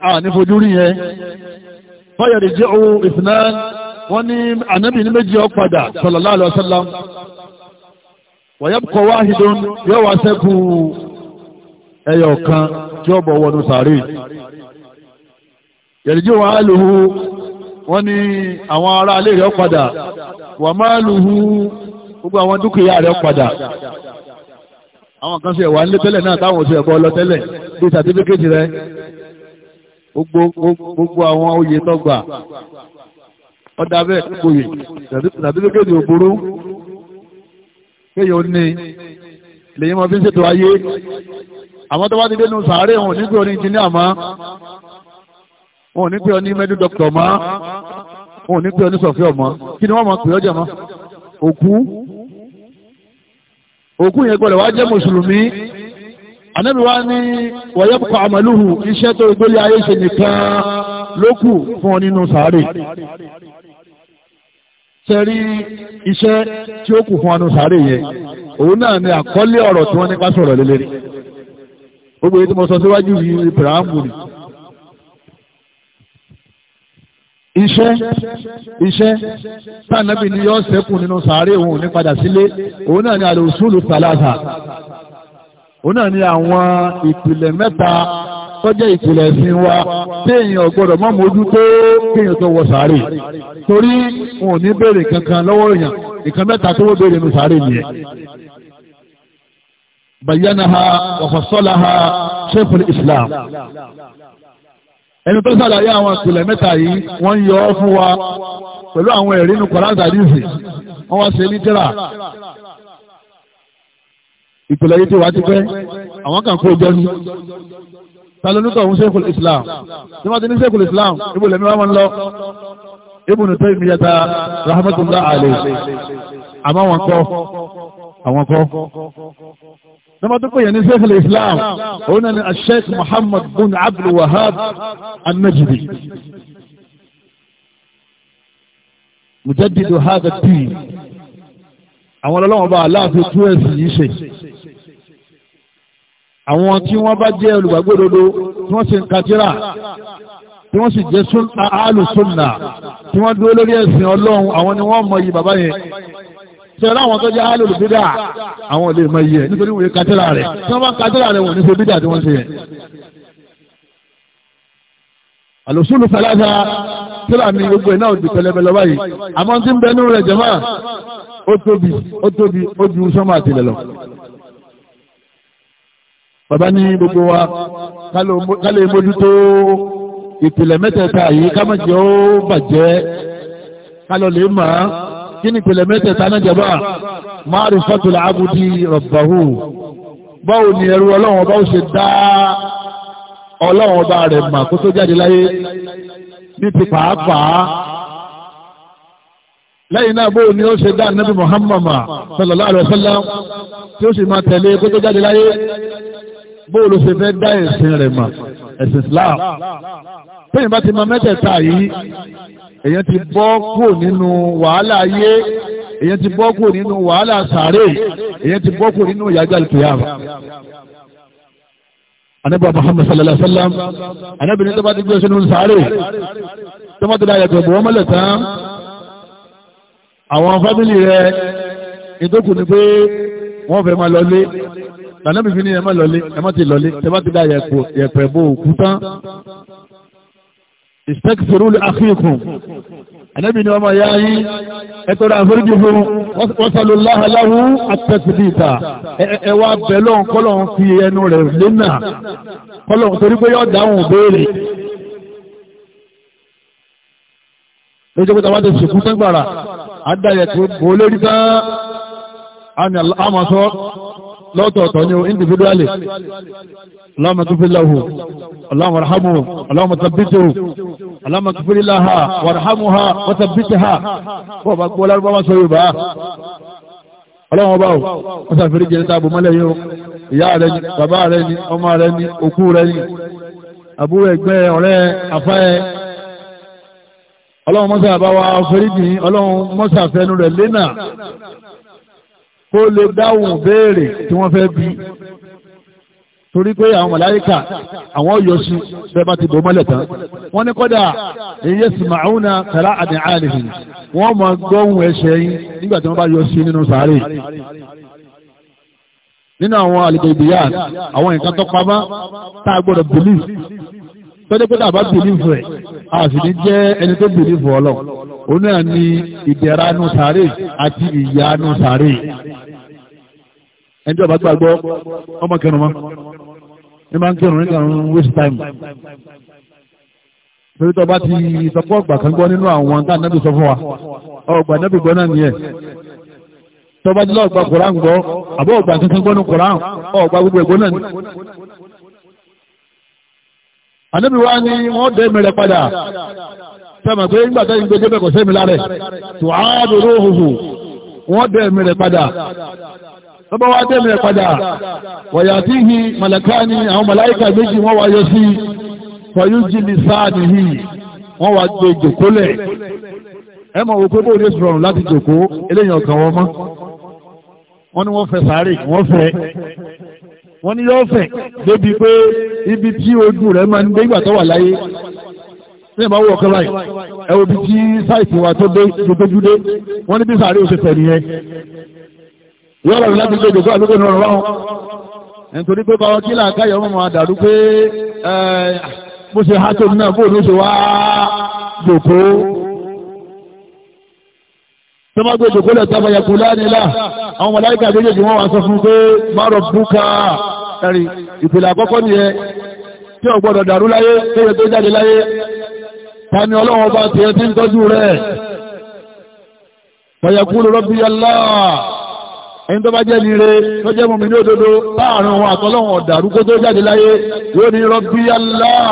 ànífojú eh, rí yẹn fọ́yọ̀dì jẹ́ òun ìfúnná wọ́n ní ànábì ní méjì ó padà sallallahu alaihi wasallam wọ̀yẹ́bùkọ̀ yóò wá sẹ́kù ẹyọ kan tí ó bọ̀ wọnú sàárè yẹ̀rìjú wọn wọ́n ní àwọn ará rẹ̀ wà máa lùhù gbogbo àwọn dúkìá rẹ̀ padà àwọn kan ṣe ẹ̀wà nílé tẹ́lẹ̀ náà táwọn lọ tẹ́lẹ̀ bí sàtífíkẹ́tì gbogbo àwọn oyè ọ̀dà bẹ́ẹ̀ kòyè sàdúdúkéde òbúrú kéyò ní lèyìn mọ́ fi ń ṣètò ayé àwọn tó bá ti dénú sàárè wọn nígbè oní engineer mọ́ wọn nígbè oní medical doctor mọ́ wọn nígbè oní sọ̀fíọ̀ mọ́ kí ni wọ́n mọ̀ pé ọjà mọ́ òkú òkú yẹn gbọ́dọ̀ wá jẹ́ mùsùlùmí anábìwá ní wọ̀yẹ́pùpọ̀ àmàlùhù iṣẹ́ tó gbélé ayé ṣe nìkan ló kù fún ọ nínú sàárè sẹ́rí iṣẹ́ tí ó kù fún ọ nínú sàárè yẹn òun náà ni àkọ́lé ọ̀rọ̀ tí wọ́n nípa sọ̀rọ̀ lélẹ́rìí gbogbo èyí tí mo sọ síwájú yìí pìràmùrì iṣẹ́ iṣẹ́ tánàbì ni yọ́ sẹ́kù nínú sàárè òun ní padà sílé òun náà ni àlòsúlù tàlàtà òun náà ni àwọn ìpìlẹ̀ mẹ́ta tọ́jẹ́ ìpìlẹ̀ ẹ̀sìn wa téèyàn gbọ́dọ̀ má mójú tó kéèyàn tó wọ sàárè torí wọn ò ní béèrè kankan lọ́wọ́ èèyàn nǹkan mẹ́ta tó wọ́n béèrè nu sàárè nìyẹn. bayyanaha wa fassalaha shaykhul islam ẹni tó sàlàyé àwọn ìpìlẹ̀ mẹ́ta yìí wọ́n yọ ọ́ fún wa pẹ̀lú àwọn ẹ̀rí nu kọ̀ránṣàdìsì wọ́n wá ṣe ní ìpìlẹ̀ yìí tí wàá ti pẹ́ àwọn kan kó jẹ́ ta ló ní tọ̀hún Sheikhul Islam tí wọ́n ti ní Sheikhul Islam ibò lẹ́mí wọ́n lọ Ibn Taymiyyah rahmatullahi alayhi àmọ́ wọn kọ́ àwọn kọ́ lọ́mọ tó pèyàn ní Sheikhul Islam òun náà ni Sheikh Muhammad bin Abdul Wahhab An-Najdi mujaddidu hadha àwọn ọlọ́wọ́n bá aláàfin tú ẹ̀sìn yìí ṣe àwọn tí wọ́n bá jẹ́ olùgbàgbódodo tí wọ́n sì ń katira tí wọ́n sì jẹ́ alùsùnà tí wọ́n dúró lórí ẹ̀sìn ọlọ́run àwọn ni wọ́n mọ iyì bàbá yẹn tẹ̀lé àwọn tó jẹ́ alùlùbídà àwọn lè mọ iyì ẹ̀ nítorí wọ́n yẹ katira rẹ̀ tí wọ́n bá ń katira rẹ̀ wọ́n ní ṣe bídà tí wọ́n ṣe yẹn. àlùsùnù fẹlẹ́fẹ́ kílà mi gbogbo ẹ̀ náà di pẹlẹbẹlẹ báyìí àmọ́ tí ń bẹ bàbá ní gbogbo wa kálé mójútó ìpìlẹ̀ mẹ́tẹ̀ẹ̀ta yìí kámọ̀jẹ́ ó bàjẹ́ kálọ̀ lè mọ̀ á kí ni ìpìlẹ̀ mẹ́tẹ̀ẹ̀ta náà jẹba ma'rifatul abdi rabbahu báwo ni ẹrú ọlọ́run ọba ó ṣe dá ọlọ́run ọba rẹ̀ mà kó tó jáde láyé ní ti pàápàá lẹ́yìn náà bóò ni ó ṣe dá nabi muhammad sallallahu alaihi wasallam tí ó sì máa tẹ̀lé kó tó jáde láyé bóòlù ṣe fẹ́ dá ẹ̀sìn rẹ̀ mà ẹ̀sìn Islam pẹ́yìn bá ti mọ mẹ́tẹ̀ẹ̀ta yìí èyàn ti bọ́ kúrò nínú wàhálà ayé èyàn ti bọ́ kúrò nínú wàhálà sàárè èyàn ti bọ́ kúrò nínú ìyájọ́ àlùkìyàmà anabi muhammad sallallahu alaihi wasallam anabi ní tó bá ti gbé sínú sáré tó bá ti dá mala, bọ̀ mọ́lẹ̀ tán àwọn e rẹ̀ ìdókù ni pé wọ́n fẹ́ máa lọlé lànàbí fi ní ẹ má lọlé ẹ má ti lọlé tẹ bá ti dá yẹ̀pẹ̀ bò òkú tán ìsẹ́kìsọ̀rọ̀ àfihàn ànábì ni ọmọ ya yí ẹ̀tọ́rọ àforíjì fún wọ́sàlù láhàláhù àtẹ̀sìdìta ẹwà bẹ̀lọ́n kọ́lọ̀n fi ẹnu rẹ̀ lẹ́nà kọ́lọ̀n torí pé yọ́ dáhùn béèrè lójẹ́ pẹ́ta wá ti sùkú tẹ́gbàrà adáyẹ̀ tó tán àmì àmọ́sọ́ lọ́tọ̀ọ̀tọ̀ ní individually Allahumma ghfir lahu Allahumma warhamhu Allahumma thabbithu Allahumma ghfir laha warhamha wa thabbitha bọ́ bá gbọ́ lárúbá wọ́n sọ yóò bá ọlọ́wọ́n bá wọ́n sàfẹ́rí jẹ́ tábù mọ́lẹ̀ yóò ìyá rẹ̀ ni bàbá rẹ̀ ni ọmọ rẹ̀ ni òkú rẹ̀ ni àbúrò ẹgbẹ́ ọ̀rẹ́ afẹ́ ọlọ́wọ́n mọ́sà bá wa fẹ́rí kó lè dáhùn béèrè tí wọ́n fẹ́ bí torí pé àwọn màláíkà àwọn yọṣu bẹ́ẹ̀ ti bò mọ́lẹ̀ tán wọ́n ní kọ́dà èyí sì màáhùn náà kàrá àdìn àdìhìn wọ́n máa gbọ́hùn ẹ̀ṣẹ̀ yín nígbà tí wọ́n bá yọṣu nínú sàárè nínú àwọn àlejò ìbíyà àwọn nǹkan tó pamọ́ tá a gbọ́dọ̀ bìlíf tọ́jú pé tàbá bìlíf rẹ̀ a sì ní jẹ́ ẹni tó bìlíf ọlọ́ òun náà ni ìdẹ̀ra sàárè àti ìyà sàárè ẹni tí ọba gbàgbọ́ ọmọ kẹrùn mọ́ ní máa ń kẹrùn ní kẹrùn waste time torí tọba ti sọpọ́ ọgbà kan gbọ́ nínú àwọn tá nẹ́bí sọ fún wa ọgbà nẹ́bí gbọ́ náà nìyẹn tọba ti lọ́ọ̀gbà koran gbọ́ àbọ̀ ọgbà kankan gbọ́ ní koran ọgbà gbogbo ẹ̀gbọ́ náà ànábì wa ni wọ́n dé mẹ́rẹ̀ padà sẹ́mà pé nígbà tẹ́yìn gbé débẹ̀ kò sẹ́mi lárẹ̀ tó á dòdò òhòhò wọ́n dé mẹ́rẹ̀ padà tọ́bọ̀ wá tẹ́lẹ̀ padà wọ̀yà tí hì màlàká ní àwọn màláìkà méjì wọ́n wáyọ sí fọyú jìlì sáà nìyí wọ́n wá gbé jòkólẹ̀ ẹ mọ̀ wò pé bó lè sọ̀rọ̀ láti jòkó eléyàn kan wọ́n mọ́ wọ́n ní wọ́n fẹ́ sáré wọ́n fẹ́ wọ́n ní yóò fẹ́ débi pé ibi tí ojú rẹ̀ máa ń dé ìgbà tó wà láyé ní ìbáwọ̀ ọ̀kan láì ẹ̀wọ̀ bí tí sáìtì wa tó dé tó yóò rọrùn láti gbé ìjọsọ́ àdúgbò ní ọ̀rọ̀ nítorí pé báwọn kílà káyọ̀ mọ́ máa dàrú pé bó ṣe há tó náà bóòlù ṣe wá jòkó tó má gbé jòkó lẹ̀ tábà yàkú lánìlá àwọn mọ̀láìkà méjèèjì wọ́n wá sọ fún pé má rọ búkà ẹ̀rì ìpìlẹ̀ àkọ́kọ́ nìyẹn tí ò gbọ́dọ̀ dàrú láyé kéwẹ́ tó jáde láyé ta ni ọlọ́wọ́n tiẹ̀ tí ń tọ́jú rẹ̀ fàyàkú lọ́bí yàlá ẹni tó bá jẹ́ nire tó jẹ́ mọ̀mí ní òdodo láàrin wọn àtọ́lọ́wọ̀n ọ̀dàrú kó tó jáde láyé yóò ní rọ́bí Allah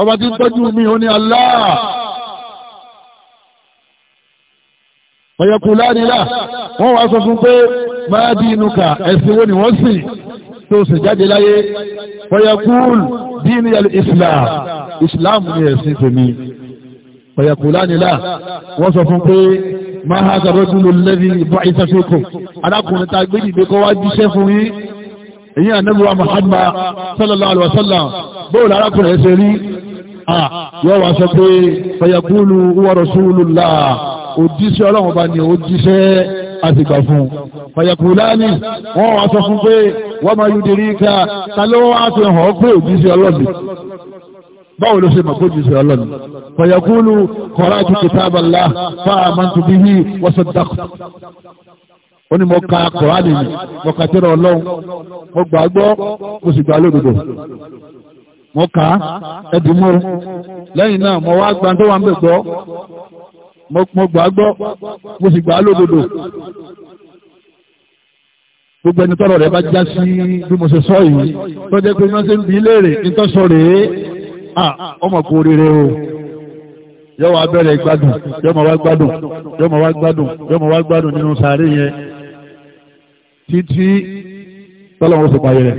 ọba tí ń tọ́jú mi ò ní Allah ọ̀yẹ̀kù láàrínlá wọ́n wá sọ fún pé máa dí inú ka ẹ̀sìn wo ni wọ́n sì tó sì jáde láyé ọ̀yẹ̀kù dínú Islam Islam ni ẹ̀sìn tèmi ọ̀yẹ̀kù láàrínlá wọ́n sọ fún pé máa ha sọ̀rọ̀ tún ló lẹ́bí ìbá ìsẹ́fẹ́kọ̀ arákùnrin ta gbé dìde kọ́ wá jíṣẹ́ fún yín èyí ànábìwá Muhammad sallallahu alaihi wasallam bóòlù arákùnrin ẹsẹ̀ rí yọ wá sọ pé fayakulu wa rasulullah òjíṣẹ́ ọlọ́run bá ní òjíṣẹ́ àtìgbà fún fayakulani wọ́n wá sọ fún pé wọ́n máa yudiri ká ta ló wá fi hàn pé òjíṣẹ́ ọlọ́run báwo ló ṣe mọ̀ kójú sí ọlọ́ni fàyàkúlù kọ̀rájú kìtàbàlá fáàmàntù bí i wọ́sọ̀ dákù ó ní mo ka kọ̀ránì ni mo ka tẹ́rọ ọlọ́run mo gbà gbọ́ mo sì gbà lódodo mo ka ẹ̀dùnmọ́ lẹ́yìn náà mo wá gbà tó wà ń bẹ̀ gbọ́ mo gbà gbọ́ mo sì gbà lódodo gbogbo ẹni tọrọ rẹ bá já sí bí mo ṣe sọ yìí tó jẹ́ pé wọ́n ṣe ń bi léèrè nítọ́sọ rèé. Ah, ọmọ kú oríire o yóò wá bẹ̀rẹ̀ gbádùn yóò máa wá gbádùn yóò máa wá gbádùn yóò máa wá gbádùn nínú sàárè yẹn títí tọ́lọ́wọ́ sì pààyẹ rẹ̀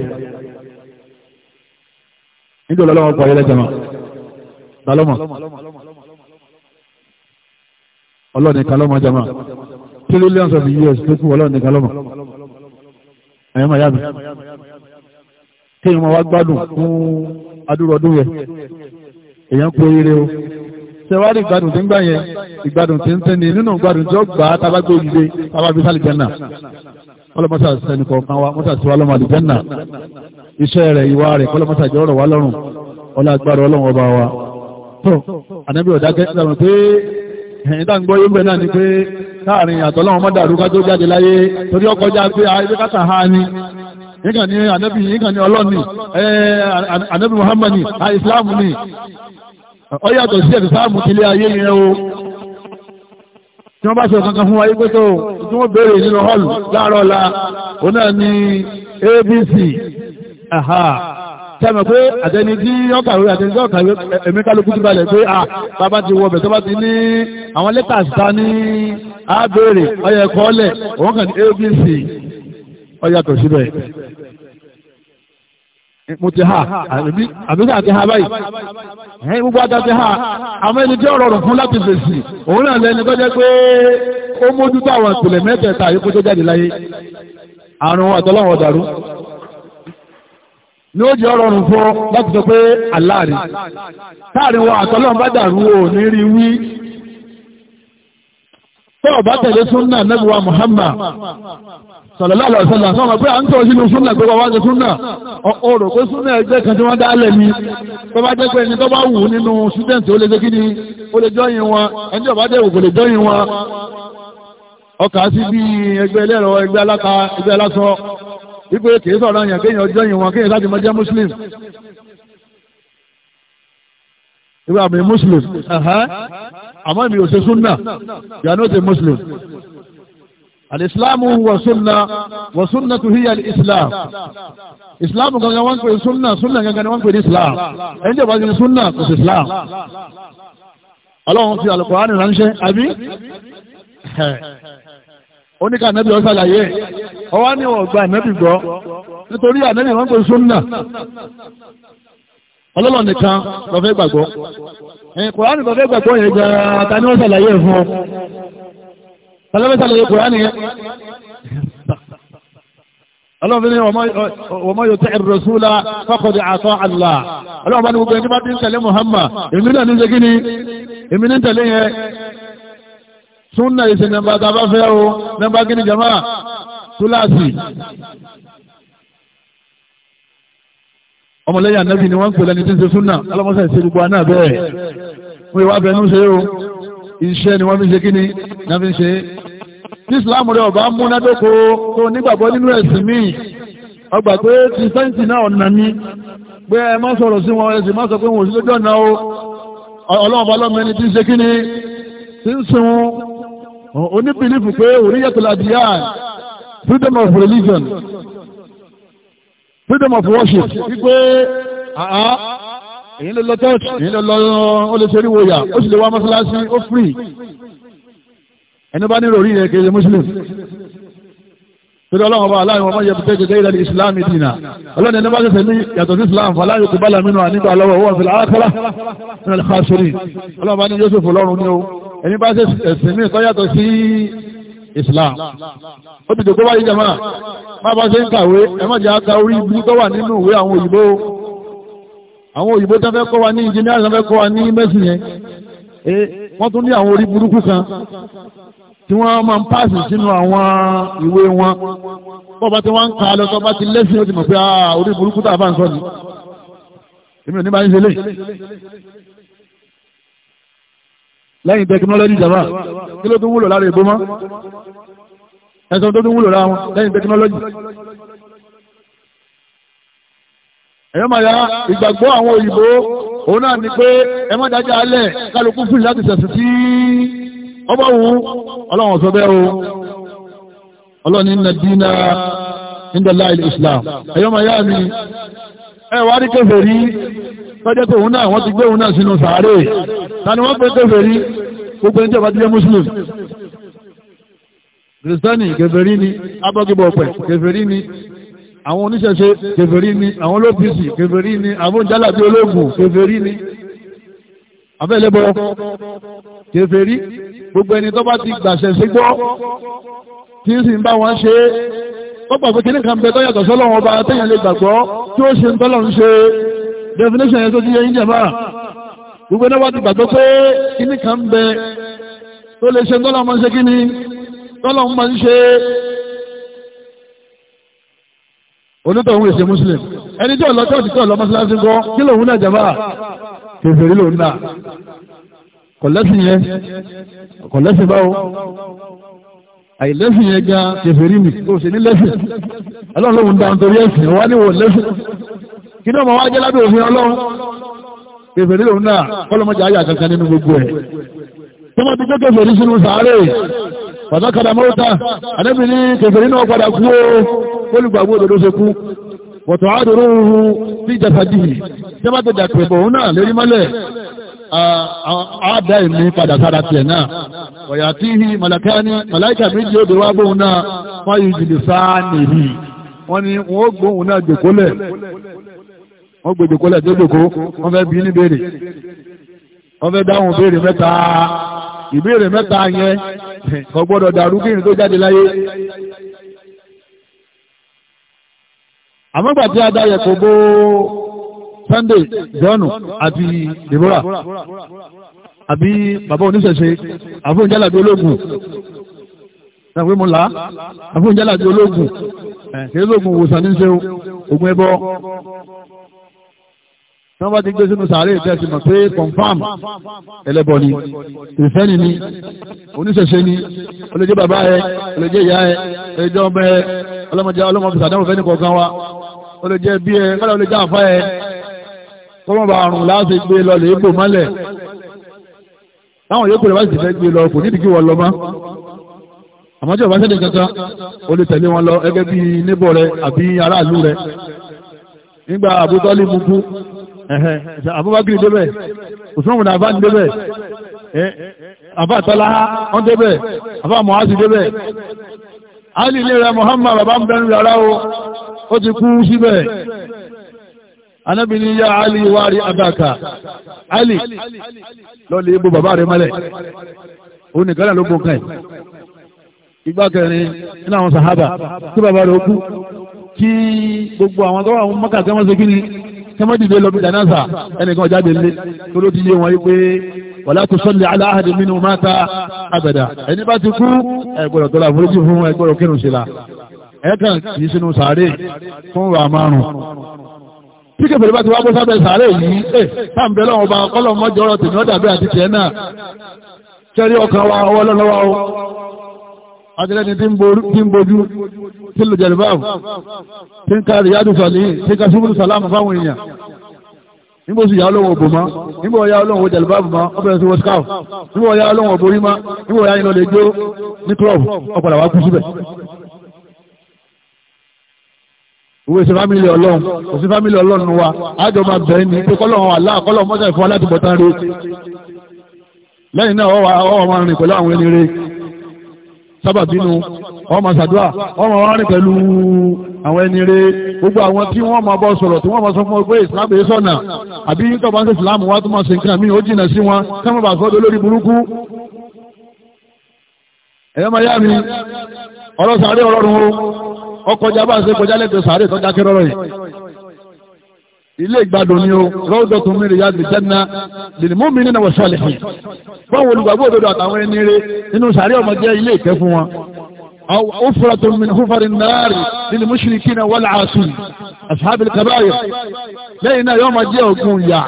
nítorí ọlọ́wọ́ pààyẹ rẹ̀ jẹ̀mọ́ tálọ́mọ̀ ọlọ́ọ̀ni kálọ́mọ̀ jẹ̀mọ́ trillions of years tó kú ọlọ́ọ̀ni kálọ́mọ̀ ẹ̀yọ́mọ̀ yá mi kí ni wọ́n wá gbádùn fún adúrò ọdún yẹn èèyàn kú oríire o ṣẹwárí ìgbádùn tí ń gbà yẹn ìgbádùn tí ń tẹ́ni nínú ìgbádùn tí ó gbà á tabagbó ìdílé tabagbé sálìjánà ọlọ́mọsà sẹ́ni kọ̀ọ̀kan wa mọ́sà sí wa lọ́mọ àlìjánà iṣẹ́ rẹ̀ ìwà rẹ̀ kọ́lọ́mọsà jọ ọ̀rọ̀ wa lọ́rùn ọlá agbára ọlọ́run ọba wa tó ànábì ọ̀dákẹ́ sọ̀rọ̀ pé ẹ̀yìn tá ń gbọ́ yóò bẹ̀ náà ni pé káàrin àtọ́lọ́run mọ́dàrú ká tó jáde láyé torí ọkọ̀ já pé àìsíkàtà ha ni yíkan ní anabi yíkan ní ọlọ́ni anabi muhammad ní islam ní ó yàtọ̀ sí islam tilé ayé yẹn o tí wọ́n bá sọ kankan fún wa yí pé tó tí wọ́n béèrè nínú hall láàárọ̀ ọ̀la òun náà ní abc sẹ́mi pé àtẹni tí wọ́n kàwé àtẹni tí wọ́n kàwé ẹ̀mí kálukú ti balẹ̀ pé ah bàbá ti wọ ọbẹ̀ tó bá ti ní àwọn lẹ́tà ta ní abèrè ọyẹ kọ́lẹ̀ òun kàn ní abc ọ yàtọ̀ síbẹ̀ mo ti ha àbí sáà ti ha báyìí ẹ̀yìn gbogbo ha àmọ́ ẹni tí ọ̀rọ̀ fún láti fèsì òun náà lẹni tó jẹ́ pé ó mójútó àwọn ìpìlẹ̀ mẹ́tẹ̀ẹ̀ta àyíkó tó jáde láyé àrùn àtọ́láwọ̀ ọ̀dàrú ní ó jẹ́ fún láti sọ pé wọn tó ọba tẹ̀lé súnà nẹ́bùwà Muhammad sallallahu alaihi wasallam sọ́mọ̀ pé à ń tọ́ sínú súnà pé wọ́n ṣe súnà ọ̀rọ̀ pé súnà ẹgbẹ́ kan tí wọ́n dálẹ̀ ni tó bá jẹ́ pé ẹni tó bá wù nínú ṣúdẹ̀ntì ó lè jẹ́ kí ó lè jọ́yìn wọn ẹni tó bá jẹ́ òkò lè wọn ọkà sí bí ẹgbẹ́ ẹlẹ́rọ ẹgbẹ́ aláta ẹgbẹ́ aláṣọ wípé sọ̀rọ̀ yẹn kéèyàn muslim àmọ́ mi ò ṣe súnà you are not a muslim alìsílámù wà súnà wà súnà tó híyà islam islam gangan wọ́n pè súnà súnà gangan wọ́n pè ní islam ẹni jẹ́ wájú súnà kò sí islam ọlọ́run fi alùkùránì ránṣẹ́ àbí oníkà nẹ́bí ó ṣàlàyé ọwá ní ọ̀gbà nẹ́bí gbọ́ nítorí ànẹ́bí wọ́n pè súnà ọlọ́run nìkan ló fẹ́ gbàgbọ́ Kùránì tó fẹ́ gbẹ̀gbọ́ yẹn jẹ́ àtàní wọ́n sàlàyé fún ọ. Sàlàyé sàlàyé Kùránì yẹn. Ọlọ́run ní ọmọ yóò tẹ́ ìrọ̀súlá fọ́kọ̀dé àtọ́ àlá. Ọlọ́run bá ní gbogbo ẹni bá ti ń tẹ̀lé Muhammad, èmi náà ní ọmọlẹ́yìn ànábì ni wọ́n ń pèlẹ́ni tí ń ṣe súnà alámọ́sá ìṣe gbogbo aná bẹ́ẹ̀ wọ́n ìwà abẹnú ṣe o iṣẹ́ ni wọ́n fi ṣe kí ni wọ́n fi ṣe tí ìsìláàmù rẹ̀ ọ̀bá múnádóko tó nígbàgbọ́ nínú ẹ̀sìn míì ọgbà pé ti sẹ́ǹtì náà ọ̀nà ni pé ẹ má sọ̀rọ̀ sí wọn ẹ̀sìn má sọ pé wọn ò sí lójú ọ̀nà o ọlọ́ọ̀bá lọ́mọẹni tí ń ṣe freedom of religion freedom of worship wípé àá èyí ló lọ church èyí ló lọ ó lè ṣe ríwòyà ó sì lè wá mọ́sálásí ó free ẹni bá nírò orí rẹ̀ kéré muslim torí ọlọ́run ọba aláìwọ̀n ọmọ yẹbu tẹ́jẹ̀ gẹ́gẹ́ ilẹ̀ islam dìnnà ọlọ́run ẹni bá ṣẹ̀ṣẹ̀ ní yàtọ̀ sí islam fàláyò kò bálà mínú ànígbà lọ́wọ́ owó àfẹ́lá àkọ́lá nínú alkhasiri ọlọ́run bá ní yóò ṣòfò lọ́run ní o ẹni bá ṣẹ̀ṣẹ̀ mí kọ́ yàtọ̀ sí Islam ó ti dòkó báyìí jama má bá ṣe ń kàwé ẹ má jẹ́ aka orí ibi tó wà nínú ìwé àwọn òyìnbó àwọn òyìnbó tó fẹ́ kọ́ wa ní engineer tó fẹ́ kọ́ wa ní mẹ́sìn yẹn wọ́n tún ní àwọn orí burúkú kan tí wọ́n máa ń pàṣẹ sínú àwọn ìwé wọn bọ́ọ̀bá tí wọ́n ń ka lọ tọ́ba ti lẹ́sìn ó ti mọ̀ pé ah, orí burúkú tàbá ń sọ ni èmi ò ní bá ń ṣe lé lẹ́yìn tẹkinọ́lọ́jì jàmá kí ló tún wúlò lára ìbò mọ́ ẹ̀sùn tó tún wúlò lára wọn lẹ́yìn tẹkinọ́lọ́jì ẹ̀yọ́ máa ya ìgbàgbọ́ àwọn òyìnbó òun náà ni pé ẹ má dájá alẹ́ kálukú fún láti sẹ̀sìn sí ọba wù ọlọ́run sọ bẹ́ẹ̀ o ọlọ́run ní nàdínà ní ìlú Islam ẹ̀yọ́ máa ya mi ẹwà rí kèfèrí tọ́jẹ́ tó òun náà wọ́n ti gbé òun náà sínú sàárè tani wọ́n pè kèfèrí gbogbo ẹni tí ọba ti jẹ́ muslim kìrìsìtánì kèfèrí ni abọ́gibọ̀pẹ̀ kèfèrí ni àwọn oníṣẹ̀ṣe kèfèrí ni àwọn olópìsì kèfèrí ni àwọn jálàbí ológun kèfèrí ni abẹ́lẹ́bọ kèfèrí gbogbo ẹni tó bá ti gbàṣẹ sí gbọ́ tí ń sì ń bá wọn ṣe pọ́pọ̀ pé kìnnìkan bẹ tó yàtọ̀ sọ́lọ́run ọba téèyàn lè gbàgbọ́ tí ó ṣe ń tọ́lọ̀ ń ṣe definition yẹn tó ti yẹ yín jẹ̀má gbogbo ẹni wá ti gbàgbọ́ pé kìnnìkan bẹ tó lè ṣe tọ́lọ̀ máa ń ṣe kíni tọ́lọ̀ máa ń ṣe onítọ̀hún èsè muslim ẹni tí ọ̀lọ́ tọ́ọ̀tì tọ́ọ̀lọ́ mọ́sálásí gọ́ kí lòun náà jàmbá kèfèrí lòun náà kọ̀lẹ́sìn yẹn kọ̀lẹ́sìn báwo àìlẹ́sìn yẹn gan kèfèrí mi kò sí ní lẹ́sìn ọlọ́run lòun dáa nítorí ẹ̀sìn wá níwò lẹ́sìn kí náà mọ̀ wá jẹ́ lábẹ́ òfin ọlọ́run kèfèrí lòun náà kọ́lọ́mọjà ayà kankan nínú gbogbo ẹ̀ tó mọ́ ti gbé kèfèrí sínú sàárè pàtàkàdà mọ́ta àdébìnrin kèfèrí náà padà kú o olùgbàgbọ́ òdòdó ṣe kú wọ̀tọ̀ àdòrò ooru sí ìjàfàdìhì jẹ́bà tó dàpẹ̀ bọ̀ òun náà lérí mọ́lẹ̀ àádá ìmú padà sára tiẹ̀ náà ọ̀yà tí hì màlàkání màláìkà méjì ó dòwà bóun náà fáyì ìjìnlẹ̀ sáà nìyí wọ́n ni wọ́n gbóhùn náà jòkólẹ̀ wọ́n gbé jòkólẹ̀ tó jòkó wọ́n fẹ́ bí ní béèrè wọ́n fẹ́ dáhùn béèrè mẹ́ta ìbéèrè mẹ́ta yẹn kò gbọ́dọ̀ dàrú kí ìrìn tó jáde láyé àmọ́gbà tí a dá yẹ̀kọ́ bó Sunday John àti Deborah àbí bàbá oníṣẹ̀ṣe àfóúnjálàbí ológun ṣàfihàn mo là á àfóúnjálàbí ológun kìí lóògùn òwòsàn ní ṣe ogun ẹbọ tí wọ́n bá ti gbé sínú sàárè ìtẹ́sí mọ̀ pé confam ẹlẹ́bọ ni ìfẹ́ni ni oníṣẹ̀ṣe ni ó lè jẹ́ bàbá ẹ ó ìyá ẹ ó ọmọ ẹ ọlọ́mọdé ọlọ́mọdé sàdáwò fẹ́ni kọ̀ọ̀kan wa ó lè jẹ́ bí ẹ kọ́lá ó lè jẹ́ àfa ẹ kọ́lọ́mọba àrùn láti gbé lọ lè bò mọ́lẹ̀ táwọn yòókù rẹ̀ bá sì fẹ́ gbé lọ kò nídìí kí wọ́n lọ mọ́ àmọ́ tí o bá sẹ́ni kankan o lè tẹ̀lé wọn lọ gẹ́gẹ́ bí níbọ̀ rẹ àbí aráàlú rẹ nígbà àbútọ́lì mukú àbúbákiri débẹ̀ òsùnwòn àbá ní débẹ̀ àbá tọ́lá wọ́n débẹ̀ àbá mọ̀hásì débẹ̀ ilé rẹ Muhammad bàbá ń bẹ̀rù o ó ti kú síbẹ̀ anábì ní yá Ali wárí abáka Ali lọ́lẹ̀ ibò bàbá rẹ̀ mọ́lẹ̀ ó nìkan náà ló bó kàn ìgbà kẹrin nínú àwọn sàhábà tí bàbá rẹ̀ ó kú kí gbogbo àwọn tó wà ń mọ́kà kí wọ́n ṣe kí ni kí wọ́n dìde lọ bí jànáza ẹnìkan jáde lé tó ló ti yé wọn wípé wàlá tusalli ala ahadin minhum mata abada ẹni bá ti kú ẹgbọ̀rọ̀ tó la fún ẹgbọ̀rọ̀ kírun ṣe la ẹ̀ẹ́kàn kì í sínú sàárè fún ìwà márùn tí kèfèrè bá ti wá bọ́ sábẹ́ sàárè yìí ẹ̀ eh, táàbẹ̀ lọ́wọ́ bá kọ́lọ̀ mọ́jọ́ ọ̀rọ̀ tèmi ọ̀dàbí àti tiẹ̀ náà kẹ́rí ọkàn wa ọwọ́ lọ́lọ́wọ́ o adẹ́lẹ́ni tí ń bojú tí lò jẹ̀rẹ̀ báwò tí ń kárí yádùn sọ̀lì tí ká súnmùrù sàlámù fáwọn èèyàn nígbò sí ìyá ọlọ́wọ̀ òbò mọ́ nígbò ọya ọlọ́wọ̀ jẹ̀rẹ̀ báwò mọ́ ọbẹ̀rẹ̀ sí wọ́skáwò nígbò ọya ọlọ́wọ̀ òbò rí mọ́ nígbò ọya ìlọlẹ̀ jó ní klọ́ọ̀bù ọ̀pọ̀lọpọ̀ kú síbẹ̀ ìwé ṣe fámìlì ọlọ́run kò sí fámìlì ọlọ́run wa àjọ máa bẹ̀ẹ́ ni pé kọ́lọ́run àlá kọ́lọ́run mọ́sá ìfún aláti bọ̀tán rí lẹ́yìn náà ọwọ́ ọwọ́ máa rìn pẹ̀lú àwọn ẹni rẹ̀ sábà bínú ọwọ́ máa ṣàdúrà ọwọ́ máa rìn pẹ̀lú àwọn ẹni rẹ̀ gbogbo àwọn tí wọ́n máa bọ́ sọ̀rọ̀ tí wọ́n máa sọ fún ọ pé ìsìlámù yìí sọ̀nà àbí tọ́ba ń ṣe ìsìlámù wa tó máa ṣe nǹkan míì ó jìnà sí wọn kẹ́mọ́ bá sọ́dọ̀ lórí burúkú ẹ̀yọ́ máa yá mi ọlọ́sàárẹ̀ ọlọ́run o ọkọjá bá ń ṣe kọjá lẹ́gbẹ̀ẹ́ sàárè tó dákẹ́ rọ́rọ́ yìí ilé ìgbádùn ni o rọ́ọ̀dọ̀ tó mìíràn yá lè jẹ́nà lèlè mú mi nínú wọ̀ṣọ́ lẹ́yìn báwo olùgbàgbọ́ òdodo àtàwọn ẹni rẹ nínú sàárè ọmọ jẹ́ ilé ìkẹ́ fún wọn ó fura tó mìíràn fún farin náírà lèlè mú ṣìrìkì náà wọ́lá àṣù àṣàbí kàbáyọ̀ lẹ́yìn náà yọ́ máa jẹ́ ògùn ìyà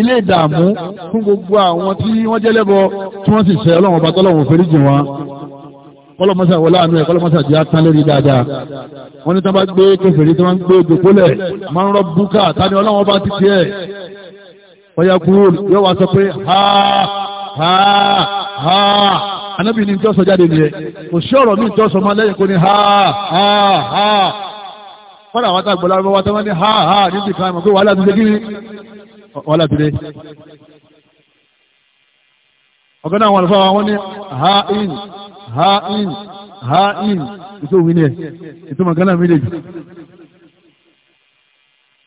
ilé ìdààmú fún gbogbo àwọn tí wọ́n jẹ́ lẹ́bọ tí wọ́n sì ṣẹ̀ ọlọ́run ọba tọ́lọ́run òfin kọlọmọsà wọlé àánú ẹ kọlọmọsà jẹ atán lórí dáadáa wọn ní tí wọn bá gbé kẹfìrí tí wọn gbé dòkólẹ máa ń rọ búkà tani ọlọ́wọ́n bá ti tiẹ̀ ọ̀yà kúrò yóò wá sọ pé ha ha ha anábì ní ìjọsọ jáde nìyẹn kò sí ọ̀rọ̀ ní ìjọsọ máa lẹ́yìn kò ní ha ha ha fọ́nà àwọn àtàgbọ̀ lárúbọ́ wa tó wọ́n ní ha ha ní ti kan mọ̀ pé wàhálà ti dé kí ni wàhálà ti dé ọ̀gá náà wọn lọ fọ́ wọn ní ha in ha'in ha'in ètò òwì ni ẹ̀ méjèèjì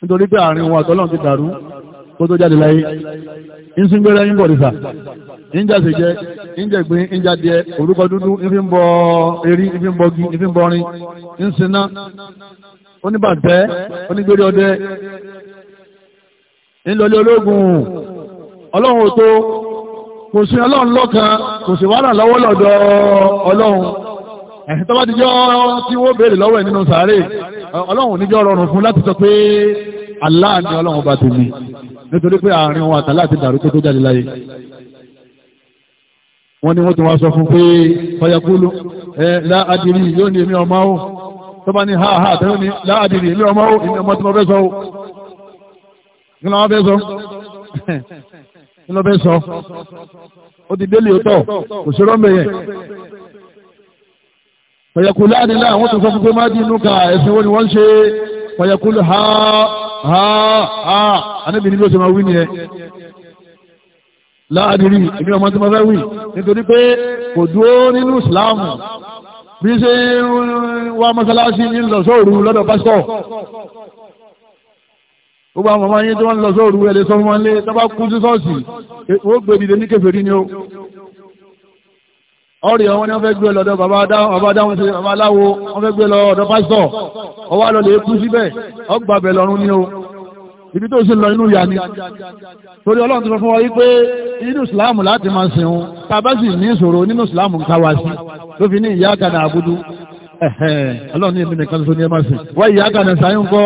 nítorí pé àárín wọn àtọ́lọ́n ti dàrú kó tó jáde láyé ìsúngbẹ́rẹ́ ń bọ̀ dìsà ìjàsè jẹ́ ìjẹ̀gbìn ìjàdìẹ orúkọ dúdú ìfi ń bọ erí ìfi ń gi ìfi ń bọ rin ìsinná oníbàtẹ́ ọdẹ ológun ọlọ́run ò tó kò sí ọlọ́run lọ́kan kò sí wàhálà lọ́wọ́ lọ́dọ̀ ọlọ́run ẹ̀sìn tọ́wọ́ díjọ́ tí wọ́n béèrè lọ́wọ́ ẹ̀ nínú sàárè ọlọ́run níjọ́ rọrùn fún láti sọ pé Allah ni ọlọ́run ọba tèmi nítorí pé àárín wọn àtàlá àti dàrú tó tó jáde láyé wọ́n ní wọ́n ti wá sọ fún pé fayakulu láàdìrí yóò ní èmi ọmọ ó tó ní ha ha tẹ́lẹ̀ ní láàdìrí èmi ọmọ ó èmi tí wọ́n fẹ́ sọ kí ló fẹ́ sọ ó ti délé ọtọ kò ṣe rọ́ọ̀mù yẹn fàyẹ̀kùlù àdínlá àwọn tó sọ fún pé má dín inú ka ẹ̀sìn wo ni wọ́n ṣe fàyẹ̀kùlù ha ha ha anábìrin ló ṣe máa wí nìyẹn láàdìrí èmi ọmọ tí mo fẹ́ wí nítorí pé kò dúró nínú ìsìláàmù bí ṣe wá mọ́sálásí ní lọ́sọ̀rù lọ́dọ̀ pásítọ̀ gbogbo àwọn ọmọ yín tí wọ́n lọ sóòrù ẹ̀lẹ́ sọ fún wọn lé tọ́bá kú sí sọ́ọ̀sì ó gbèdìdè ní kèfèrí ni ó ọ̀rẹ́ wọn ni wọ́n fẹ́ gbé lọ́dọ̀ bàbá dáwọn sí bàbá aláwo wọ́n fẹ́ gbé lọ́dọ̀ pásítọ̀ ọwá lọ lè kú síbẹ̀ ọgbàbẹ̀ lọ́run ni ó ibi tó sì lọ inú ìyá ni torí ọlọ́run ti sọ fún wa yí pé inú ìsìláàmù láti máa sìn un tàbá sì ní ìṣòro nínú ìsìláàmù ń ká sí ló fi ní ìyá àgànà àbúdú ọlọ́run ní èmi nìkan tó ní ẹ máa sìn wá ìyá àgànà sáyún kọ́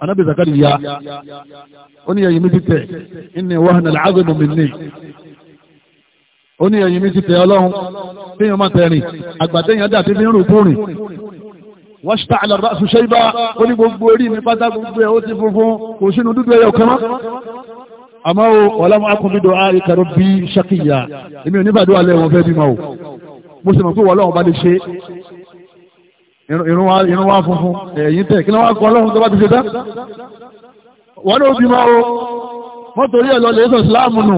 anábì zakariya ó ní ẹ̀yìn mi ti tẹ̀ inni wahana al-'azmu minni ó ní ẹ̀yìn mi ti tẹ̀ ọlọ́run téèyàn máa tẹ̀rìn àgbàdéyàn dà tí mi ń rò fún rìn wọ́n ṣe tààlà rásù ṣe ibá ó ní gbogbo orí mi pátá gbogbo ẹ̀ ó ti funfun kò sínú dúdú ẹyọ kan àmọ́ o ọ̀làmú akọ̀bídọ̀ àríkàrọ̀ bí ṣàkìyà èmi ò níbàdó alẹ́ wọn fẹ́ bímọ o mo sì mọ̀ pé wọ́n ọlọ́run bá lè ṣe irun wa funfun ẹ̀yìn tẹ̀ kí ni wọ́n kọ́ ọlọ́run tó bá ti ṣe tán wọ́n ló bí máa o mọ́tò orí ẹ̀ lọ lè sọ ìsìláàmù nù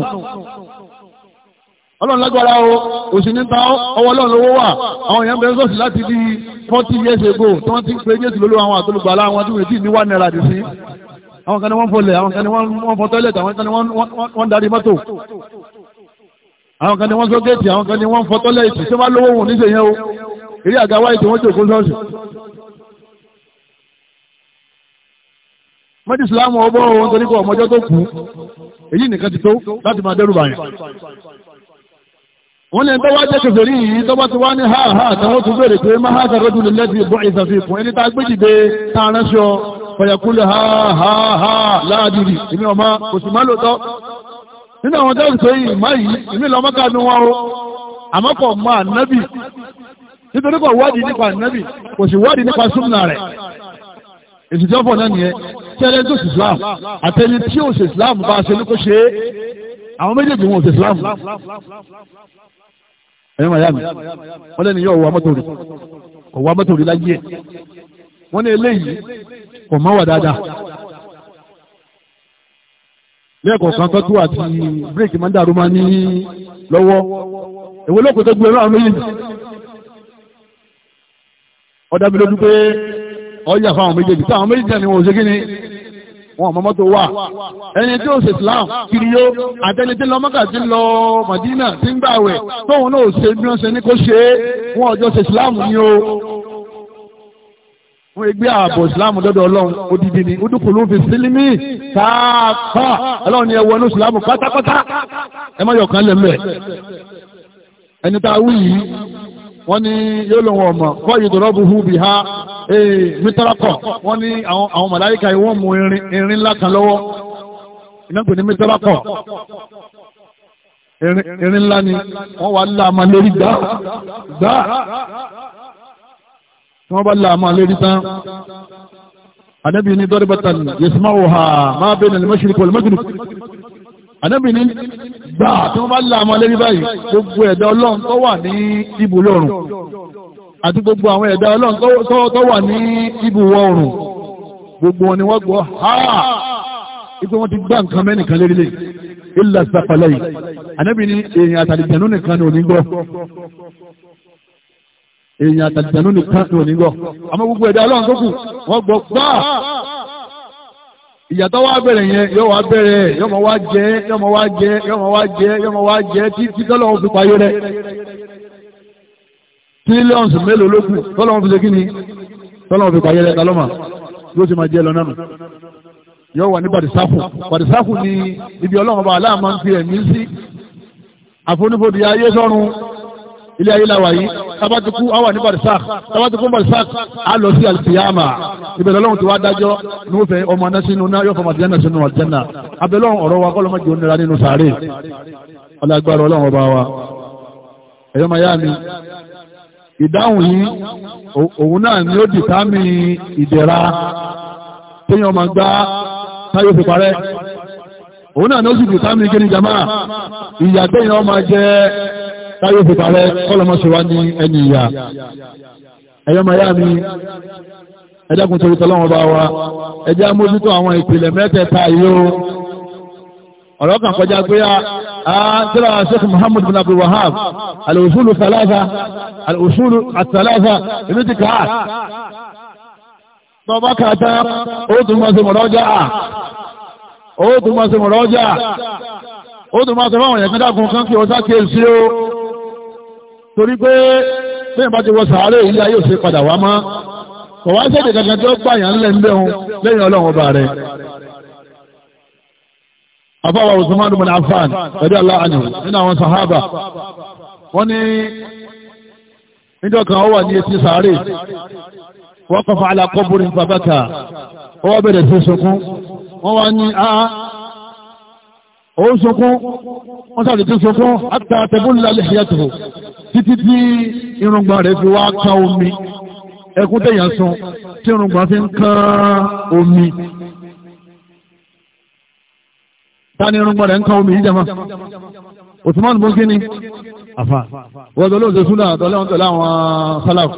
ọlọ́run lágbára o òsì níta ọwọ́ ọlọ́run lówó wà àwọn èèyàn bẹ̀rẹ̀ sọ̀sì láti bí forty years ago tí wọ́n ti ń pe jésù lólu àwọn àtolùgbà láwọn tí wọ́n ti ní wà náírà dì sí àwọn kan ní wọ́n fọlẹ̀ àwọn kan ní wọ́n fọ tọ́lẹ̀tì àwọn kan ní wọ́n darí mọ́tò àwọn kan ní wọ́n sọ géètì àwọn kan ní wọ́n fọ tọ́lẹ̀tì tí wọ́n lówó wọn níṣẹ́ yẹn o eré àga wáyé tí wọ́n jòkó lọ́sùn. mọ́tí ìsìláàmù ọgbọ́ ohun tó nípa ọmọjọ́ tó kú èyí nìkan ti tó láti máa dẹ́rù bàyàn. wọ́n lè tọ́wọ́ jẹ́ kẹfẹ́ yìí tọ́wọ́ ti wá ní ha ha tàwọn tún bèèrè pé máa ha tàbí ọdún lẹ́tì ìbọn ìsàfihàn ẹni tá a gbé dìde tá ránṣọ fọyàkúlẹ̀ ha ha ha láàdìrì èmi ọmọ kò sì máa lòótọ́ nínú àwọn tẹ́lifíṣẹ́ yìí má yìí èmi lọ́mọ́kànú wọn o àmọ́kọ̀ máa nábì nítorí kò wádìí nípa nẹ́bì kò sì wádìí nípa súnmùnà rẹ̀ èsì tí wọ́n fọ̀ náà nìyẹn tẹ́lẹ̀ tó sì islam àtẹni tí ò sì islam bá a ṣe ní kó ṣe é àwọn méjèèjì wọn ò sì islam ẹ̀yin màá yá mi wọ́n lẹ́nu yóò wá mọ́tò rí kò wá mọ́tò rí láyé ẹ̀ wọ́n ní eléyìí kò mọ́ wà dáadáa lẹ́ẹ̀kọ̀ọ̀kan tọ́tù àti bíréèkì máa ń dàrú máa ní lọ́wọ́ èwo lóko tó gbé ẹ̀rọ àwọn méjèèjì ọ̀dà mi lójú pé ọjà fáwọn méjèèjì táwọn méjèèjì ni wọn ò ṣe kí ni wọn ò mọ́mọ́ tó wà ẹni tí ó ṣe Islam kiri yó àtẹni tí lọ́mọ́kà ti lọ Madina ti ń gbàwẹ̀ tóun náà ṣe bí wọ́n ṣe ní kó ṣe wọn ọjọ́ ṣe Islam ni o wọ́n gbé ààbọ̀ ìsìláàmù dọ́dọ̀ ọlọ́run odidi ni udukulu fi sílímì káàpá ọlọ́run ni ẹwọ inú ìsìláàmù pátápátá ẹ má yọ̀kan lẹ́mẹ̀ ẹni tá a wú yìí wọ́n ní yóò lòun ọmọ kọ́ ìdọ̀rọ̀bù hù bí ha mítárakọ̀ wọ́n ní àwọn màláíkà ìwọ́n mú irin ńlá kan lọ́wọ́ ìnáàpẹ̀ ní mítárakọ̀ irin ńlá ni wọ́n wá láàmà lérí gbá gbá wọ́n bá láàmà lérí tán anábìíní dọ́rẹ́bàtàn yasmauha máa bẹ́ẹ̀ nà lè mọ́ṣírí ànábì ní gbà tí wọ́n bá láàmọ́ lérí báyìí gbogbo ẹ̀dá ọlọ́run tó wà ní ibù lọ́rùn àti gbogbo àwọn ẹ̀dá ọlọ́run tó wà ní ibù wọ́ọ̀rùn gbogbo wọn ni wọ́n gbọ́ ha ipé wọ́n ti gbá nǹkan mẹ́nìkan lérílẹ̀ ilà sàpàlẹ̀ yìí ànábì ní èèyàn àtàlìjànú nìkan ní onígbọ́ èèyàn àtàlìjànú nìkan ní onígbọ́ àmọ́ gbogbo ẹ̀dá ọlọ́run tó kù wọ́n gbọ́ gbáà ìyàtọ̀ wa bẹ̀rẹ̀ yẹn yọ wa bẹ̀rẹ̀ yọ mọ wa jẹ yọ mọ wa jẹ yọ mọ wa jẹ yọ mọ wa jẹ títí tọ́lọ́wọ́n fi payé rẹ̀ tírílíọ̀nù mélòó ló kù tọ́lọ́wọ́n fi ṣe kí ni tọ́lọ́wọ́n fi payé rẹ̀ talọ́mà yóò ti máa jẹ́ lọ nánu yọ wà ní bàdìsáfù bàdìsáfù ni ibi ọlọ́run bá aláàmọ́ ń fi ẹ̀mí sí àfonífòdì ayé sọ́run ilé ayé láwà yìí tabatuku awa ní barisak tabatuku barisak a lọ sí alikiyama ìbẹ̀rẹ̀ ọlọ́run ti wá dájọ́ ní wọ́n fẹ́ ọmọ aná sínú náà yóò fọmọ àtìyànà sínú àtìyànà abẹ́lọ́run ọ̀rọ̀ wa kọ́lọ́mọ jù nira nínú sàárè ọlágbára ọlọ́run ọba wa ẹ̀yọ́ máa yá mi ìdáhùn yìí òun náà ni ó dìtámì ìdẹ̀ra téèyàn máa gbá táyé fi parẹ́ òun náà ni ó sì dìtámì kí ni jama ìyàgbẹ́yìn ọmọ jẹ́ táyé fi parẹ́ kọ́lọmọ́síwá ní ẹni ìyá ẹ̀yọ́ maya mi ẹ̀dẹ́kùn torí tọ́lọ́wọ́ bá wa ẹjẹ́ amójútó àwọn ìpìlẹ̀ mẹ́tẹ̀ẹ̀ta yìí o ọ̀rọ̀ kan kọjá pé a tíra sheikh muhammad bin abdul wahab al-usulu thalatha al-usulu thalatha inú ti kàá tọba kàtà ó tún mọ́ sí mọ̀rọ́jà ó tún mọ́ sí mọ̀rọ́jà ó tún mọ́ sí mọ̀rọ́jà ó tún mọ́ sí mọ̀rọ́jà torí pé bí ìbá ti wọ sàárè ilé ayé òsè padà wá mọ́ kọ̀wá sẹ́dẹ̀ kankan tí ó gbàyàn ńlẹ̀ ń bẹ̀hùn lẹ́yìn ọlọ́run ọba rẹ̀ afáwà Usman bin Affan pẹ̀lú aláàánú nínú àwọn sahaba wọ́n ní níjọ́ kan ó wà ní etí sàárè wọ́n kọfà alákọ́bùrin babaka ó wá bẹ̀rẹ̀ sí sunkún wọ́n wá ní a ó sunkún wọ́n sàrètí sunkún àtàtẹ̀bùn lálẹ́ títí tí irungba rẹ̀ fi wá ká omi ẹkún tẹ̀yàn sun tí irungba fi ń ká omi ta ni irungba rẹ̀ ń ká omi yìí jama Usman bukini afa wọ́n tó lóòótọ́ súnà àtọ́lẹ́ wọn tẹ̀lé àwọn sálàf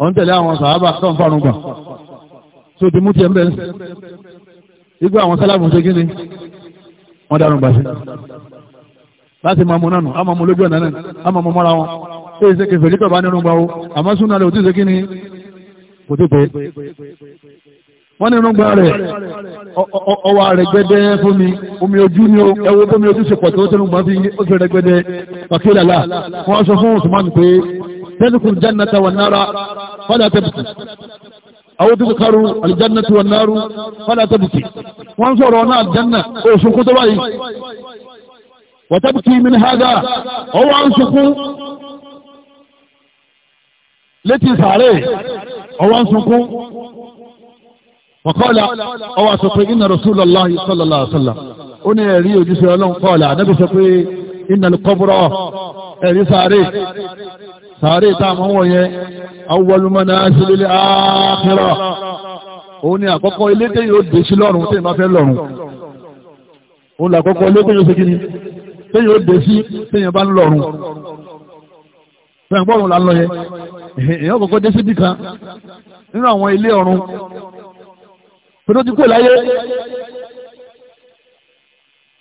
wọn tẹ̀lé àwọn sàábà tó ń fa irungba tó ti mú tiẹ̀ ń bẹ̀rẹ̀ igbó àwọn sálàf ń ṣe kí ni wọ́n dárúgba sí láti máa mú nánu á máa lójú ọ̀nà náà á máa mọ́ra wọn ó ṣe kẹfẹ́ nípa bá nínú gbà ó àmọ́ súnà rẹ̀ ò tí ì ṣe kí ni kò tí pé wọ́n nínú gbà rẹ̀ ọwà rẹ̀ gbẹ́dẹ́ fún mi omi ojú ni ẹwọ́ bómi ojú ṣe pọ̀ tó tẹnu gbà fi ó ṣe rẹ̀ gbẹ́dẹ́ pàkílàlà wọ́n sọ fún Usman pé tẹ́lifùn jannata wà nára fọ́dà tẹ́bùtì àwọn tó kọrù aljanna tí wọ́n náàrù fọ́dá tàbùkì wọ́n sọ̀rọ̀ ọ̀nà aljanna o ṣùkú tó báyìí wọ́tàbùkì min haza ọwọ́ an ṣùkú létí sàárè ọwọ́ ń sunkún wọ̀kọ́lá ọwọ́ sọ pé iná Rasulullahi sallallahu alaihi wasallam ó ní ẹ̀rí ojúṣe ọlọ́run kọ́ọ̀lá anábì sọ pé iná kọ́bùrọ̀ ẹ̀rí sàárè sàárè táàmù wọ̀ yẹn awọlùmọ́nà sílẹ̀ ààkìrọ̀ ó ní àkọ́kọ́ ilé tẹ́ yóò dé sí lọ́rùn tẹ́ ìbá fẹ́ lọ́rùn ó là àkọ́kọ́ ilé yóò ṣe kíni yóò dé sí tẹ́ yẹn bá ń lọ́rùn fẹ́ èèyàn kọ́kọ́ dé síbi kan nínú àwọn ilé ọ̀run tó tó ti kú láyé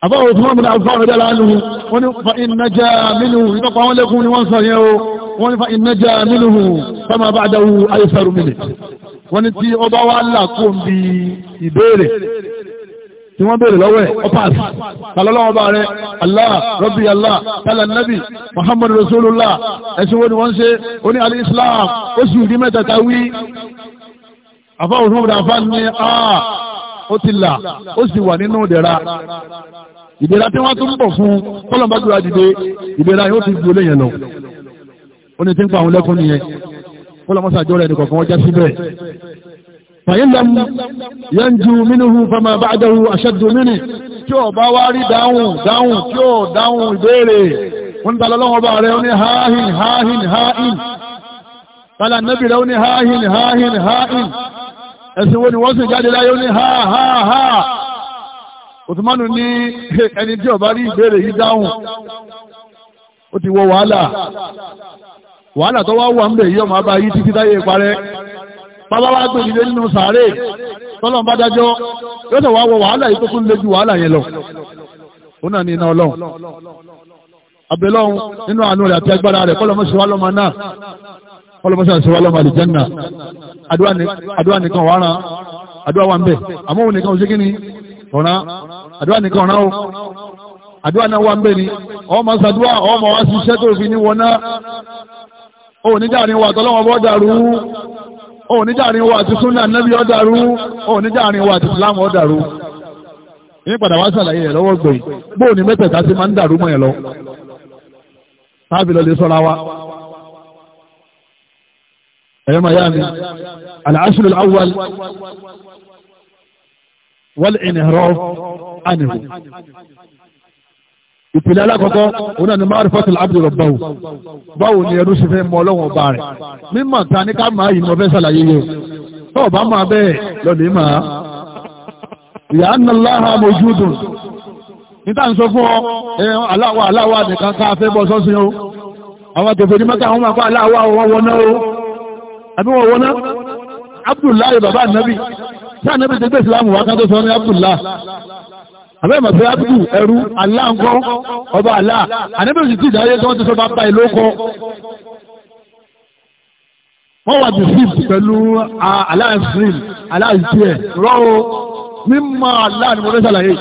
àbáwò fún ọmọdé àfáwọn ọjọ́ láàánú wọ́n ní fa ìnájà mínú ìtọ́pọ̀ àwọn lẹ́kùn ni wọ́n sọ yẹn o wọ́n ní fa ìnájà mínú fama ba'dahu àyẹ̀sàrù mínú wọ́n ní tí ọba wa là kó ń ìbéèrè tí wọ́n bèèrè lọ́wọ́ ẹ̀ ọpàs alọ́lọ́wọ́ bá rẹ̀ allah rabbi allah tala nabi muhammadu rasulullah ẹ̀sìn wo ni wọ́n ṣe ó ní alìsílám ó sì rí mẹ́ta ta wí àfa òfin òfin àfa ní a ah, ó ti là ó sì wà nínú ìdẹ̀ra ìdẹ̀ra tí wọ́n tún bọ̀ fún kọ́lọ̀mbá gbéra dìde ìdẹ̀ra yóò ti gbólé yẹn lọ ó ní tí ń pa àwọn lẹ́kùn nìyẹn kọ́lọ̀mọ́sàjọ́ rẹ̀ nìkọ̀ọ̀kan wọ́n já síbẹ̀ fàyín lam yanjú mínúhu fama ba'dahu aṣẹ́dù mínì tí ó bá wá rí dáhùn dáhùn tí ó dáhùn ìbéèrè wọ́n tàbí ọlọ́wọ́ bá rẹ̀ ó ní háhìn háhìn háhìn tàbí ànábì rẹ̀ ó ní háhìn háhìn háhìn ẹ̀sìn wo ni wọ́n sì jáde láyé ó ní há há bàbá wa gbé ìdílé nínú sàárè tọ́lọ́n bá dájọ́ yóò tẹ̀ wá wọ wàhálà yìí tó tún lé ju wàhálà yẹn lọ òun náà ní iná ọlọ́run abẹ́lọ́run nínú àánú rẹ̀ àti agbára rẹ̀ kọ́lọ́mọ́ sí wa lọ́mọ náà kọ́lọ́mọ́ sí wa lọ́mọ àlìjánà àdúrà nìkan wà rán àdúrà wà ń bẹ̀ àmọ́ òun nìkan ò sí kí ni ọ̀ràn àdúrà nìkan ọ̀ràn o àdúrà náà wà ń bẹ̀ ni ọmọ sàdúrà ọmọ wa ṣiṣẹ́ tó fi ní wọná òun níjà ni wà tọ́lọ́wọ́ bọ́ dàrú oníjàrin wa àti súnà nẹ́bí ọ̀dàrú oníjàrin wa àti ìsìlámù ọ̀dàrú ní padà wá sàlàyé rẹ̀ lọ́wọ́ gbòyìn bóò ní mẹ́tẹ̀ẹ̀ta sí máa ń dàrú mọ́ ẹ̀ lọ táàbì lọ sọ́ra wa ẹ̀yọ́ màá yá mi al ìpìlẹ̀ alákọ̀ọ́kọ́ òun náà ni marifatul abdul rabbahu báwo ni ẹnu ṣe fẹ́ mọ ọlọ́wọ́n ọba rẹ̀ mímọ̀ ta ní ká máa yìí mọ fẹ́ ṣàlàyé yẹ tó ọba máa bẹ́ẹ̀ lọ́lẹ̀ máa ìyá annaláha mojúdùn níta ń sọ fún ọ aláwa aláwa nìkan ká fẹ́ bọ́ sọ́sìn o àwọn tòfè ní mẹ́ta àwọn àpá aláwa wọn wọná o àbí wọn wọná abdullahi bàbá anabi sáà anabi ti gbé ìsìlámù wákàtó sọ ní abdullahi àbẹ́mọ̀ pé ábùkù ẹrú aláǹkọ́ ọba àlá àníbẹ̀sì tí ìdáyé tí wọ́n ti sọ bá bá ìlú kọ́ wọ́n wà bí fíìp pẹ̀lú aláàfin aláàfin rọ́ọ̀ mímọ́ aláàfin mo fẹ́ sàlàyé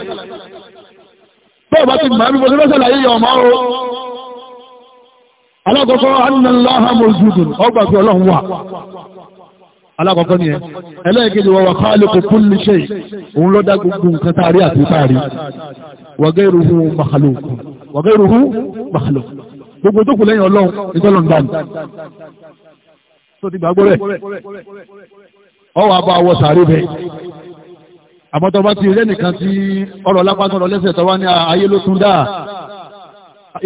bẹ́ẹ̀ bá ti máa bí mo fẹ́ sàlàyé yọ ọmọ o alákọ̀ọ́kọ́ annaláhàmọ̀ ojúdùn ọgbà pé ọlọ́run wà alákọ̀ọ́kọ́ ni ẹ ẹlẹ́ẹ̀kejì wọ́n wà khaliqu kulli shay òun ló dá gbogbo nǹkan tààrí àti tààrí wa ghayruhu makhluq wa ghayruhu makhluq gbogbo tó kù lẹ́yìn ọlọ́run ìtọ́lọ̀ ń dà ní. tó ti gbàgbọ́ rẹ̀ ọwọ́ abọ́ awọ sàárè bẹ́ẹ̀ àmọ́ tó bá ti rẹ́ nìkan tí ọ̀rọ̀ lápá lẹ́sẹ̀ tó ní ayé ló tún dáa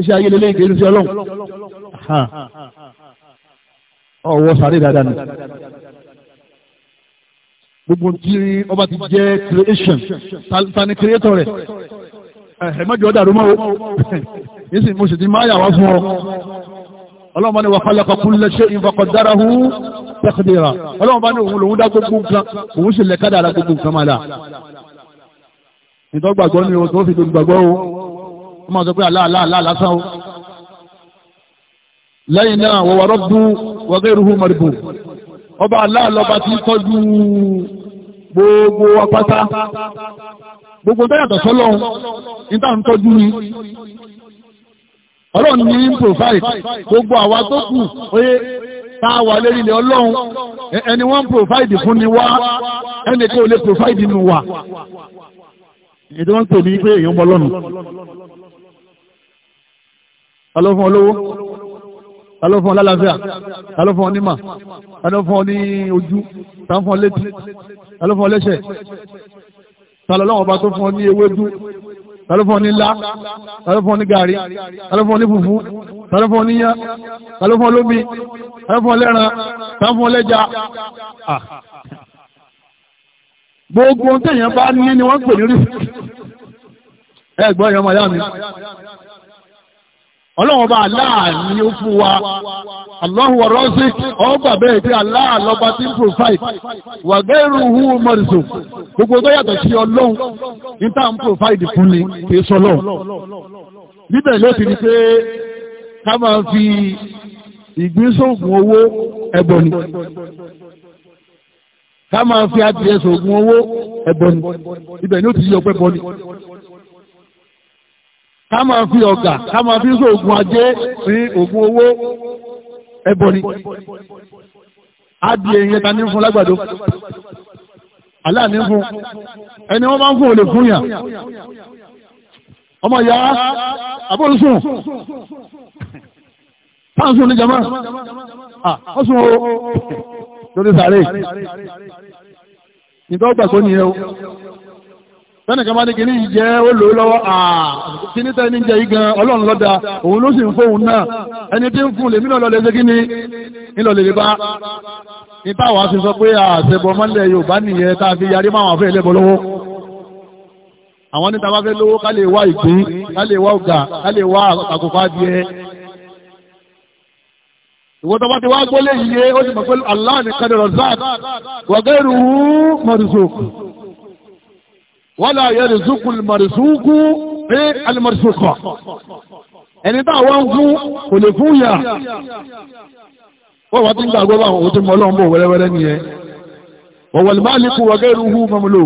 iṣẹ́ ayé lélẹ́yìn kì í ṣe ọlọ́run ọwọ́ sàárè dáadáa gbogbo tí ọba ti jẹ́ creation ta ni creator rẹ̀ ẹ̀ mọ́jọ́ ọ̀dà ló mọ́ o yìí sì mo sì ti máa yà wá fún ọ ọlọ́run bá ní wa khalaqa kulla shay'in faqaddarahu taqdira ọlọ́run bá ní òun lòun dá gbogbo nǹkan òun sì lẹ̀ka dára gbogbo nǹkan máa dà ìtọ́gbàgbọ́ ni o tó fi gbogbo gbàgbọ́ o wọ́n máa sọ pé Allah Allah Allah lásán o lẹ́yìn náà wa raddu wa ghayruhu mardud ọba aláàlọ́ba ti tọ́jú gbogbo apáta gbogbo dáyàtọ̀ sọ́lọ́ níta ń tọ́jú ni ọlọ́run ní ń gbogbo àwa tó kù oyé tá a wà lérí ilẹ̀ ọlọ́run ẹni wọ́n ń provide fún ni wá ẹni kò lè provide nù wá èdè wọ́n pè ní pé èèyàn mọ́ lọ́nu ọlọ́fún olówó ta ló fún ọ lálàáfíà ta ló fún ọ nímà ta ló fún ọ ní ojú ta ló fún ọ létí ta ló fún ọ lẹ́sẹ̀ ta ló lọ́wọ́ ọba tó fún ọ ní ewédú ta ló fún ọ ní ńlá ta ló fún ọ ní gàrí ta ló fún ọ ní fùfú ta ló fún ọ ní yán ta ló fún ọ lómi ta ló fún ọ lẹ́ran ta ló fún ọ lẹ́ja gbogbo ohun tẹ̀yàn bá ní ni wọ́n pè ní rí ẹ̀gbọ́n ìyọmọ yá mi ọlọ́run ọba aláà ni fún wa Allahu wa Razik ọgbà bẹ́ẹ̀ tí aláà lọ́ba tí ń provide wà gẹ́rù hu mọ̀rìsò gbogbo tó yàtọ̀ sí ọlọ́run ní tá ń provide fún ni kì í sọlọ́ níbẹ̀ ló ti ní pé ká máa fi ìgbésògùn owó ẹbọ ni ká máa fi adìẹ sògùn owó ẹbọ ni ibẹ̀ ni ti yí ọpẹ́ bọ ká máa fi ọ̀gà ká máa fi sí oògùn ajé sí oògùn owó ẹbọ ni adìẹ yẹn ta ní fún lágbàdo aláàní fún ẹni wọ́n bá ń fún olè fún yà ọmọ ìyá abóòsùn táǹsùn ní jama ọ̀sùn o lórí sàárè ìdọ́gbà tó nìyẹn o tẹ́nì kan bá ní kìíní jẹ́ ó lò ó lọ́wọ́ kìíní tẹ́ni jẹ́ yìí ọlọ́run lọ́dà òun ló sì ń fóun náà ẹni tí ń fún lèmi náà lọ́lẹ̀ ṣe kí ni lè bá nípa àwọn sọ pé àṣẹbọ mọ́lẹ̀ Yorùbá nìyẹn tá yarí máwọn afẹ́ ẹlẹ́bọ lọ́wọ́ wọ́lá yẹrì zúkú alìmọ̀rìsúkú pé alìmọ̀rìsúkọ̀ ẹni tá wọ́n ń fún kò lè fún yà wọ́n wá tí ń gbàgbọ́ bá òun tí mọ́ lọ́n bọ̀ wẹ́rẹ́wẹ́rẹ́ nìyẹn wọ̀wọ̀lì máa ní kú wọ́gẹ́ irú mọ́múlò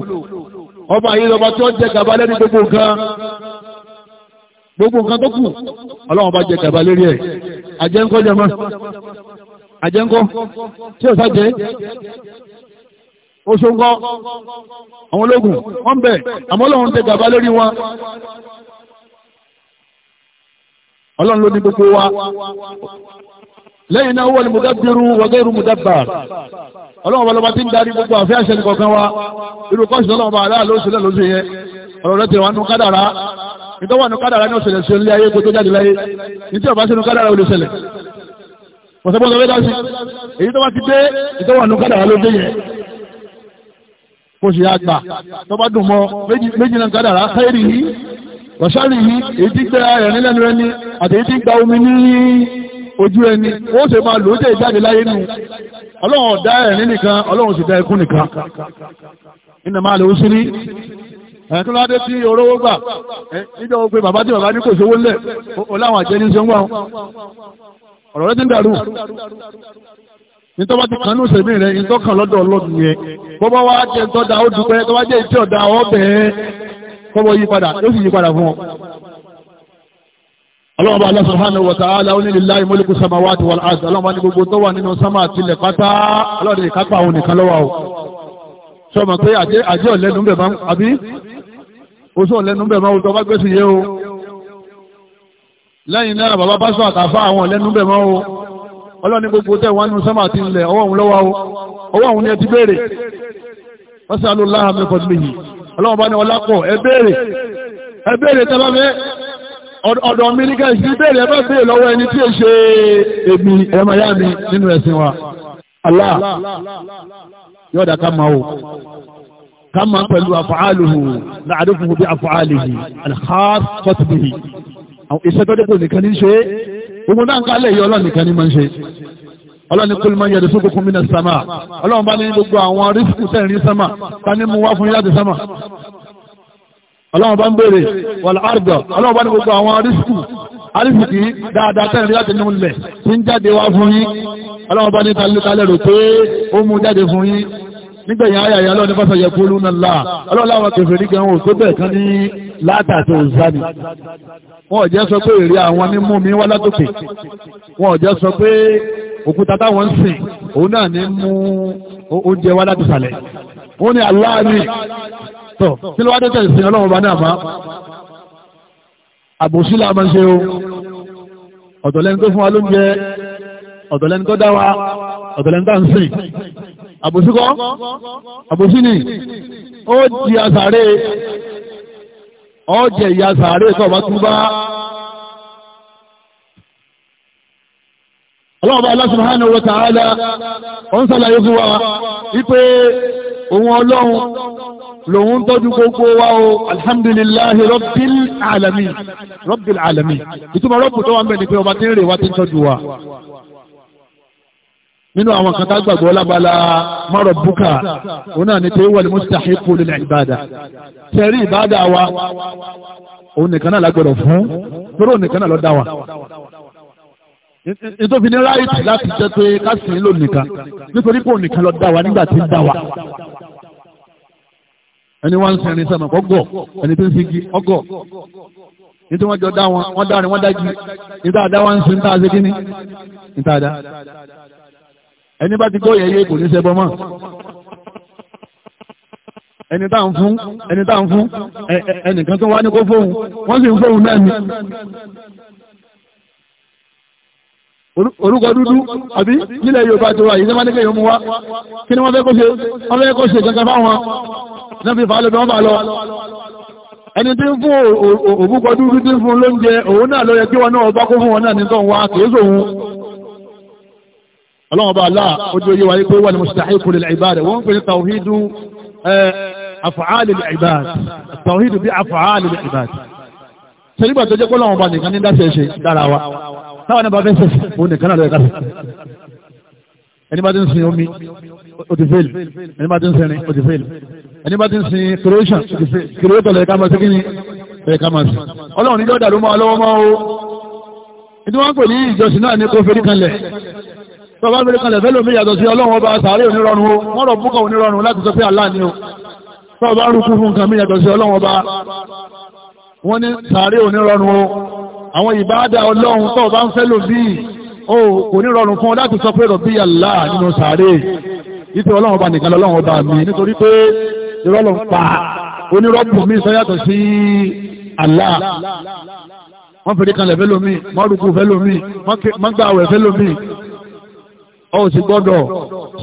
ọba yìí lọba tí ó jẹ gàba lẹ́ni gbogbo nǹkan gbogbo nǹkan tó kù ọlọ́run bá jẹ gàba lérí ẹ̀ àjẹ́ńkọ́ jẹ mọ́ tí ò sá jẹ́ oṣù ńkọ́ àwọn ológun wọ́n bẹ̀ àmọ́ ọlọ́run tẹ gàba lórí wọn ọlọ́run ló ní gbogbo wa lẹ́yìn náà wọ́n mudabbiru wa ghayru mudabbar ọlọ́run ọlọ́ba ti ń darí gbogbo àfẹ́ àṣẹ nìkọ̀ọ̀kan wa irú kọ́ọ̀ṣì ọlọ́run ọba aláà lóṣù lẹ́ lóṣù yẹn ọ̀rọ̀ rẹ̀ tẹ̀ wá nù kádàrá nítorí wà nù kádàrá ní òṣèlè sí ilé ayé tó jáde láyé nítorí ọba sí nù kádàrá ò lè ṣẹlẹ̀ kó ṣe àgbà tó bá dùn mọ́ méjì náà kádàrá káyèrè yìí wàṣálì yìí èyí tí gbẹ́ra rẹ̀ nílẹ̀nu ẹni àti èyí tí gba omi ní ojú ẹni ó sì máa lò ó tẹ̀ jáde láyé nù ọlọ́run ọ̀dá ẹ̀rín nìkan ọlọ́run sì dá ikú nìkan iná máa lè ó sí ní ẹ̀kọ́ ládé tí orówó gbà níjọ́ pé bàbá tí bàbá ní kò sówó lẹ̀ ó láwọn àjẹ́ ní ṣe ọ̀rọ̀ rẹ̀ ti ń dàrú nítorí wọ́n ti kàn ní òṣèlú rẹ̀ yìí tó kàn lọ́dọ̀ ọlọ́dún yẹn bọ́ bá wá jẹ́ ń tọ́da ó dúpẹ́ tó wá jẹ́ ìtì ọ̀dà ọ̀bẹ̀ kọ́bọ̀ yí padà ó sì yí padà fún ọ. ọlọ́run bá wa ta'ala ó nílẹ̀ láì mọ́lẹ́kù samawati wal ard ọlọ́run bá ní gbogbo tó wà nínú sámà tilẹ̀ pátá ọlọ́run ìkápá òun ma pé àjẹ́ ọ̀lẹ́nu bẹ̀ máa àbí oṣù ọ̀lẹ́nu bẹ̀ máa tó bá gbẹ́sì yé o lẹ́yìn náà bàbá bá sọ àtàfà àwọn ọ̀lẹ́nu bẹ̀ máa o ọlọ́run ní gbogbo tẹ́ wọ́n nínú sọ́mà àti ilẹ̀ ọwọ́ òun lọ́wọ́ o ọwọ́ òun ni ẹ ti béèrè wọ́n sá ló láhà mẹ́kọ̀ọ́ sí yìí ọlọ́run bá ní ọlá pọ̀ ẹ béèrè ẹ béèrè tẹ́lá fẹ́ ọ̀dọ̀ mi ní ká ìsìn béèrè ẹ bá béèrè lọ́wọ́ ẹni tí ó ṣe èmi ẹ̀rọ yá mi nínú gbogbo náà kálẹ̀ yìí ọlọ́run nìkan ní máa ń ṣe ọlọ́run ní kólú máa ń yẹ̀dẹ̀ sókòkò mí náà sámà ọlọ́run bá ní gbogbo àwọn rísíkù tẹ̀rín sámà ta ní mú wá fún yàtọ̀ sámà ọlọ́run bá ń béèrè wàlá àrùgbọ̀ ọlọ́run bá ní gbogbo àwọn rísíkù arísìkì dáadáa tẹ́rin láti inú ilẹ̀ tí ń jáde wá fún yín ọlọ́run bá ní talẹ́rò pé ó mú jáde fún yín nígbẹ̀yìn ayàyà ọlọ́run ní fásayẹ kúlú náà láà ọlọ́run láwọn kẹfẹ́ nígbà wọn ò tó bẹ́ẹ̀ kan ní látàtò òzánì wọn ò jẹ́ sọ pé èrè àwọn mímú mi wá látòkè wọn ò jẹ́ sọ pé òkúta táwọn ń sìn òun náà ní mú oúnjẹ wá láti sàlẹ̀ wọn ni aláàánì tọ̀ kí ló wá dé tẹ̀sí ọlọ́run ọba náà má àbòsí là máa ń ṣe o ọ̀dọ̀lẹ́ni tó fún wa lóúnjẹ ọ̀dọ̀lẹ́ni tó dá wa ọ̀dọ̀lẹ́ni tó ń sìn àbòsí kọ́ àbòsí ni ó di àsàrè ọjẹ ìyá sàárè tó bá túbá ọlọ́ọ̀bá Allah subhanahu wa ta'ala ó ń sàlàyé fún wa wípé òun ọlọ́run lòun tọ́jú gbogbo wa o alhamdulillahi rabbil alamin rabbil alamin ìtumọ̀ rọ́bù tó wà ń bẹ̀ ni pé ọba tí ń rè wá ti ń tọ́jú wa nínú àwọn kan tá gbàgbọ́ lábala mọ́rọ̀ búkà òun náà ni pé wọ́n lè mú sàhíkù lè ìbádà tẹ̀rí ìbádà wa òun nìkan náà lágbọ̀dọ̀ fún lórí òun nìkan náà lọ dá wa nítorí ní ráìtì láti jẹ́ pé káṣíìn ló nìkan nítorí pé òun nìkan lọ dá wa nígbà tí ń dá wa ẹni wọ́n ń sẹ́rin sẹ́mọ̀ ọgọ́ ẹni tó ń sigi ọgọ́ ní wọ́n jọ dá wọn wọ́n dárin wọ́n dájú ní tá a wọn ń sin ẹni bá ti gbọ́ yẹ̀yẹ́ kò ní ṣẹbọ mọ́ ẹni tá ń fún ẹni tá ń fún ẹnìkan tó wá ní kó fóun wọ́n sì ń fóun náà ni orúkọ dúdú àbí nílẹ̀ Yorùbá tó wà yìí sẹ́wọ́n nígbà yóò mú wá kí ni wọ́n fẹ́ kó ṣe wọ́n fẹ́ kó ṣe kankan fáwọn náà fi fà á lọ bí wọ́n bá lọ ẹni tí ń fún òbúkọ dúdú tí ń fún lóúnjẹ òun náà ló yẹ kí wọn náà bá kó fún wọn náà nítorí wọn kì í sòun ọlọ́run ọba aláà ojú oyé wáyé pé wà ní mustahiqu lil ibada wọ́n ń pè ní tawhidu af'al al ibada tawhidu bí af'al al ibada sẹ́rígbà tó jẹ́ pọ́lọ́run ọba nìkan ní dáṣẹ́ ṣe dára wa táwọn ní bá fẹ́ sẹ́sì òun nìkan náà lọ ẹ̀ka ẹni bá ti ń sin omi ó ti fail wọ́n ń pè ní ìjọsìn náà tọba mẹ́rin kan lẹ̀fẹ́ lómi yàtọ̀ sí ọlọ́run ọba sàárè onírọ̀rùn o mọ́rọ̀ púpọ̀ onírọ̀rùn láti sọ pé Allah ni o tọba rúkú fún nǹkan mi yàtọ̀ sí ọlọ́run ọba wọ́n ní sàárè onírọ̀rùn o àwọn ìbáadà ọlọ́run tọba ń fẹ́ lómi o kò nírọ̀rùn fún láti sọ pé rọ̀bí Allah nínú sàárè ìtẹ̀ ọlọ́run ọba nìkan lọ́lọ́run ọba mi nítorí pé ìrọ̀lọ́ pa onírọ̀bù mi sọ yàtọ̀ sí Allah wọ́n fèrè kan lẹ̀fẹ́ lómi wọ́n rúkú fẹ́ lómi wọ́n gbà àwẹ̀ fẹ́ lómi ó sì gbọ́dọ̀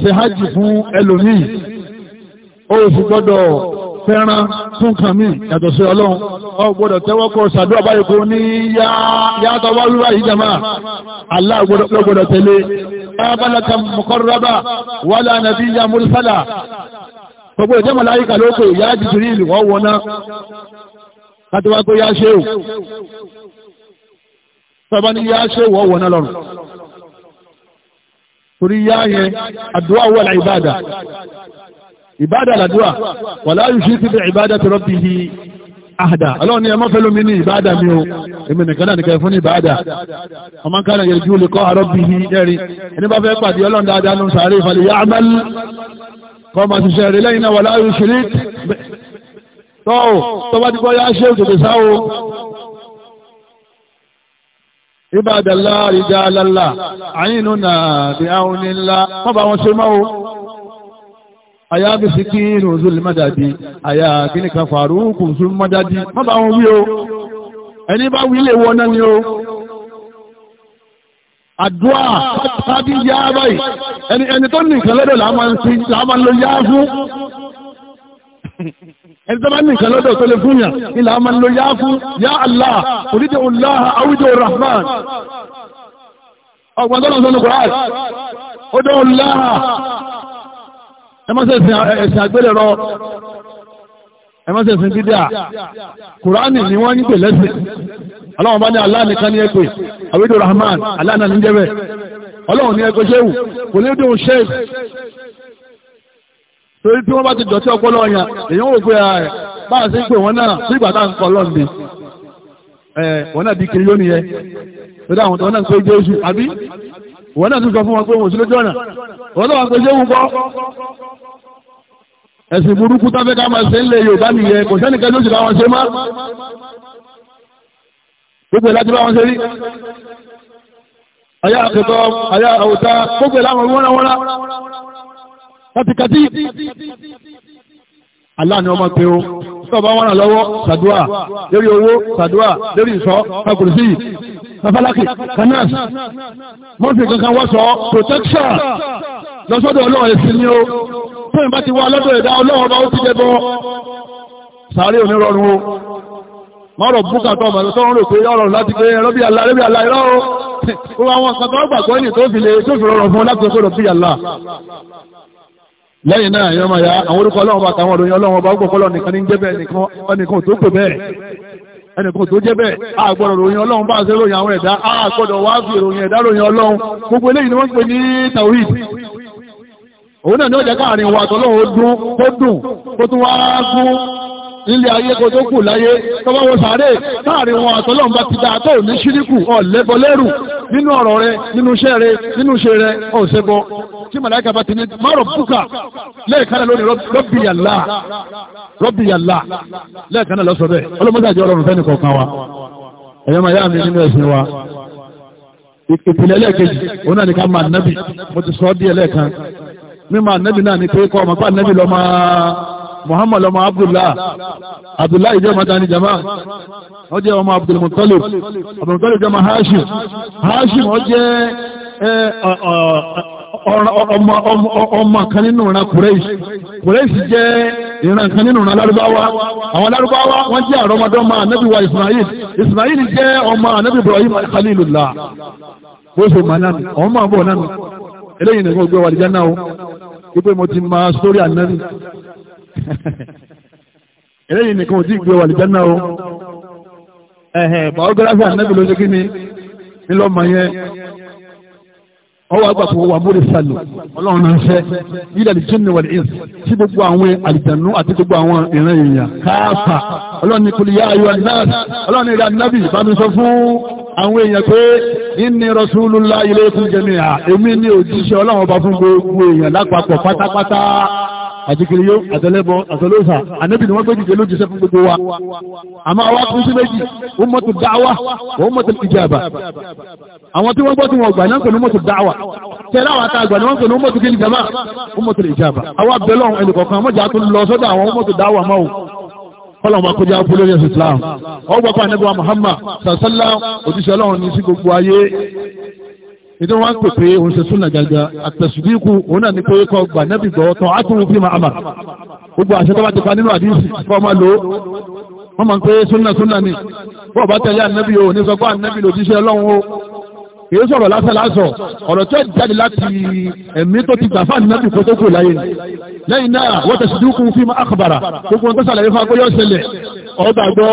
ṣe hajj fún ẹlòmíì ó sì gbọ́dọ̀ fẹ́ràn fún kàmí yàtọ̀ sí ọlọ́run ó gbọ́dọ̀ tẹ́wọ́ kọ sàdúrà báyìí kò ní yàtọ̀ wá wíwá yìí jama Allah gbọ́dọ̀ tẹ̀lé abalaka mukarraba wala nabiyya mursala gbogbo ìjẹ́ màláyíkà lókè yá jìjìrì ìlú wọ́n wọ́n náà láti wá pé yá ṣe ò torí yá yẹn àdúrà wà láìbáàdà ìbáàdà làdúrà wà láàyè sí ti bẹ ìbáàdà tọrọ bí i àdà ọlọ́run ni ẹ má fẹ́ lómi ní ìbáàdà mi o èmi nìkan náà nìkan fún ní ìbáàdà ọmọ nǹkan náà yẹ ju olùkọ́ àrọ́ bí i ẹni bá fẹ́ pàdé ọlọ́run dáadáa ló ń sàárè ìfàlẹ̀ yá àmàl kọ́ máa ṣiṣẹ́ rẹ̀ lẹ́yìn náà wà láàyè sí tọ́ tọ́ ìbádàlá ìjà alálà àyínú náà bí àwọn onílá wọ́n bá wọn ṣe máa o àyà bísí kí inú zulu mádàdí àyà kíní kan fàrúkù zulu mádàdí wọ́n bá wọn wí o ẹni bá wí lè wọ́n náà ni o àdúà ẹni tó bá ní nǹkan lọ́dọ̀ tó lè fún yàn ilà á máa ń lo yá fún yá Allah orídé Allah awídé Rahman ọgbọ̀n tó lọ sọ́nù Quran ó dé Allah ẹ má ṣe ẹ̀sìn àgbélẹ̀rọ ẹ ẹ̀sìn dídá Quran ni wọ́n ń lẹ́sìn torí tí wọ́n bá ti dọ̀tí ọpọlọ ọyàn èyàn ò pé ẹ bá a ṣe ń pè wọ́n náà sí ìgbà táà ń kọ́ lọ́nà wọ́n náà bí kiri yóò nìyẹn tó dáwọn tó náà ń pé jésù àbí wọ́n náà tún sọ fún wọn pé wọ́n sí lójú ọ̀nà wọ́n tó wà pé jésù kọ́ ẹ̀sìn burúkú tó fẹ́ ká máa ṣe ń lè Yorùbá nìyẹn kò sẹ́nìkan ló sì bá wọn ṣe má gbogbo láti bá wọn ṣe rí ayá àkẹ́kọ̀ọ́ ayá àwòtá gbogbo láwọn wọ́nra wọ́nra kàtìkàtì aláàánú ọmọ pé o sọba wọn ràn lọ́wọ́ sàdúà lórí owó sàdúà lórí ìsọ kakùrùsí kafalaki kanas mọ́fì kankan wọ́n sọ protection lọ́sọ́dọ̀ ọlọ́run ẹ̀sìn ni o tóyìn bá ti wá lọ́dọ̀ ẹ̀dá ọlọ́run ọba ó ti jẹbọ sàárè onírọ̀rùn o mọ́rọ̀ búkà tó ọmọ tó ń rò pé ọ̀rọ̀ láti pé ẹ̀rọ bí àlá ẹ̀rọ bí àlá ẹ̀rọ o ó wá wọn kankan gbàgbọ́ ẹ̀yìn tó fi lè tó fi rọrùn fún láti ọkọ̀ lẹ́yìn náà yọ ma ya àwọn orúkọ ọlọ́run bá tàwọn òròyìn ọlọ́run bá gbogbo ọlọ́run nìkan ní jẹ́ bẹ́ẹ̀ ẹnìkan tó pè bẹ́ẹ̀ ẹnìkan tó jẹ́ bẹ́ẹ̀ àgbọ̀rọ̀ ròyìn ọlọ́run bá ṣe ròyìn àwọn ẹ̀dá àgbọ̀dọ̀ wá fi ròyìn ẹ̀dá ròyìn ọlọ́run gbogbo eléyìí ni wọ́n pè ní tawhid òun náà ni ó káàrin wa tọ́lọ́run ó dún kó dùn kó tún wá gún ilé ayé kó tó kù láyé tọ́wọ́ wọn sáré láàrin wọn àtọ́lọ́ bá ti dáa tó ní ṣíríkù ọ̀lẹ́bọlẹ́rù nínú ọ̀rọ̀ rẹ nínú iṣẹ́ rẹ nínú ṣe rẹ ọ̀ṣẹ́bọ tí màláìka bá ti ní márùn búkà lẹ́ẹ̀kanà lórí rọ́bìyàlá rọ́bìyàlá lẹ́ẹ̀kanà lọ́sọ̀ bẹ́ẹ̀ ọlọ́mọdé ọlọ́run fẹ́ni kọ̀ọ̀kan wa ẹ̀yọ́ máa yá mi nínú ẹ̀sìn wa ìpìlẹ̀ lẹ́ẹ̀kejì òun náà ní ká máa nẹ́bì mo ti sọ ọ́ díẹ̀ lẹ́ẹ̀kan mímọ̀ nẹ́bì náà ní pé kọ́ ọmọ muhammad ọmọ abdullah abdullah ìjọ mata ni jama ó jẹ́ ọmọ abdulmutalib abdulmutalib jẹ́ ọmọ hashim hashim ó jẹ́ ọmọ kan nínú ìran kùrẹ́ìsì kùrẹ́ìsì jẹ́ ìran kan nínú ìran lárúbáwá àwọn lárúbáwá wọ́n jẹ́ àrọmọdọ́mọ anábíwa ismail ismail jẹ́ ọmọ anábí ibrahim khalilullah bó ṣe ma náà àwọn máa bọ̀ náà eléyìí nìkan gbé wà lìjá náà wípé mo ti ma sórí anábí eléyìí nìkan ò tí ì gbé wà lìjánná o ẹ̀hẹ̀ biography ànábì ló ṣe kí ni nílọ́mọ yẹn ọwọ́ àgbàpọ̀ wà múre sàlù ọlọ́run náà fẹ́ yílẹ̀ àlìjẹ́nì wà lẹ́yìn tí gbogbo àwọn àlìjànú àti gbogbo àwọn ìran èèyàn káàpà ọlọ́run ní kúlì yá ayọ̀ náà ọlọ́run ìrìn ànábì bá mi sọ fún àwọn èèyàn pé inni rasulullahi ilaykum jami'a èmi ní òjíṣẹ́ ọlọ́run ọba fún gbogbo èèyàn lápapọ̀ pátápátá àtìkìlíyó àtẹlẹbọ àtẹlóòsà ànábì ni wọ́n gbé dìde ló jíṣẹ́ fún gbogbo wa àmọ́ àwa kún sí méjì ummatu da'wa wa ummatu ijaba àwọn tí wọ́n gbọ́ tí wọ́n gbà náà pẹ̀lú ummatu da'wa tẹ́lá wa ta gbà ni wọ́n pẹ̀lú ummatu kìlì jama ummatu ijaba àwa bẹ̀lọ́ ẹnìkọ̀ọ̀kan mọ́jà tó lọ sọ́dọ̀ àwọn ummatu da'wa mọ́ kọlọ̀mọ̀ akójá fúlórí ẹ̀sùn islam ọgbọ́pá anábíwá muhammad sàṣálà òjíṣẹ́ ọlọ́run ní sí gbogbo ayé ìdí wọn pè pé òun ṣe súnà gàgà àtẹ̀sùdíkù òun náà ní pé kọ gbà nẹ́bì gbọ́ tán á tún fi máa mà gbogbo àṣẹ tó bá ti pa nínú àdíṣì kọ́ máa lò ó wọ́n máa ń pé súnà súnà ni bọ́ọ̀ bá tẹ̀lé ànẹ́bì o ní sọ pé ànẹ́bì ló jíṣẹ́ ọlọ́run o kìí sọ̀rọ̀ lásán lásán ọ̀rọ̀ tó jáde láti ẹ̀mí tó ti gbà fún ànẹ́bì kó tó kù láyé lẹ́yìn náà wọ́n tẹ̀sùdíkù fi máa àkàbàrà gbogbo wọn tó ṣàlàyé fún akóyọ̀ ṣẹlẹ̀ ọgbàgbọ́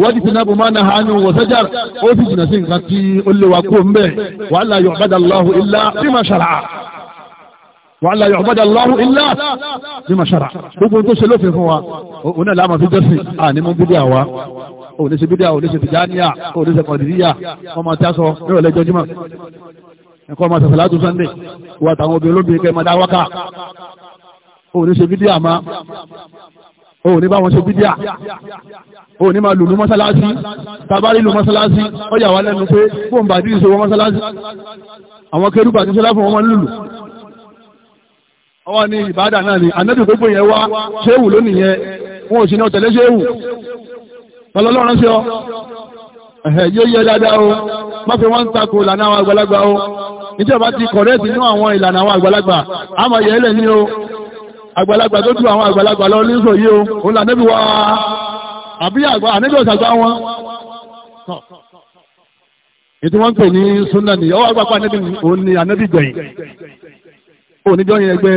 wọ́n ti sinabù máa náà hánú wọ̀sẹ́jà ó sì jìnà sí nǹkan tí ó lè wà kó mbẹ́ wàhálà yóò bá dàlọ́hù ilá bí ma ṣàrà wàhálà yóò bá dàlọ́hù ilá bí ma ṣàrà gbogbo tó ṣe lófin fún wa òun náà láàmà fi jẹ́sìn à ní mú bídí àwa òun ní ṣe bídí àwa òun tìjáníà òun ní ṣe kọ̀dìríyà ọmọ àtàṣọ nírọ̀lẹ́ jọjúmọ́ ẹ̀kọ́ ọmọ sàṣàlátù sunday wà táwọn obìnrin olóbìnrin kẹ́ máa dá wákà òun ní ṣe bídí àmà o ní bá wọn ṣe bídíà o ní máa lùlú mọ́sálásí tàbárí lù mọ́sálásí ó yà wá lẹ́nu pé fóun bàdí ìṣòwò mọ́sálásí àwọn kẹrùbà ní sọ́lá fún wọn máa ń lùlù ọwọ́ ní ìbádà náà ni ànábì gbogbo yẹn wá ṣéwù lónìí yẹn wọn ò sí náà tẹ̀lé ṣéwù ọlọ́lọ́run sí ọ ẹ̀hẹ̀ yóò yẹ dáadáa o má fi wọ́n ń takò ìlànà àwọn àgbàlagbà o níjọba ti kọ̀rẹ́ẹ̀tì nínú àwọn ìlànà àwọn àgbàlagbà àmọ̀ yẹ̀ẹ́lẹ̀ ní o àgbàlagbà tó ju àwọn àgbàlagbà lọ ní sòyí o òun là níbi wá àbí àgbà àníbi òṣàgbà wọn. ètò wọn ń pè ní sunna ni ọwọ́ àgbàpá àníbi òun ni àníbi gbẹ̀yìn oníjọ́ yẹn ẹgbẹ́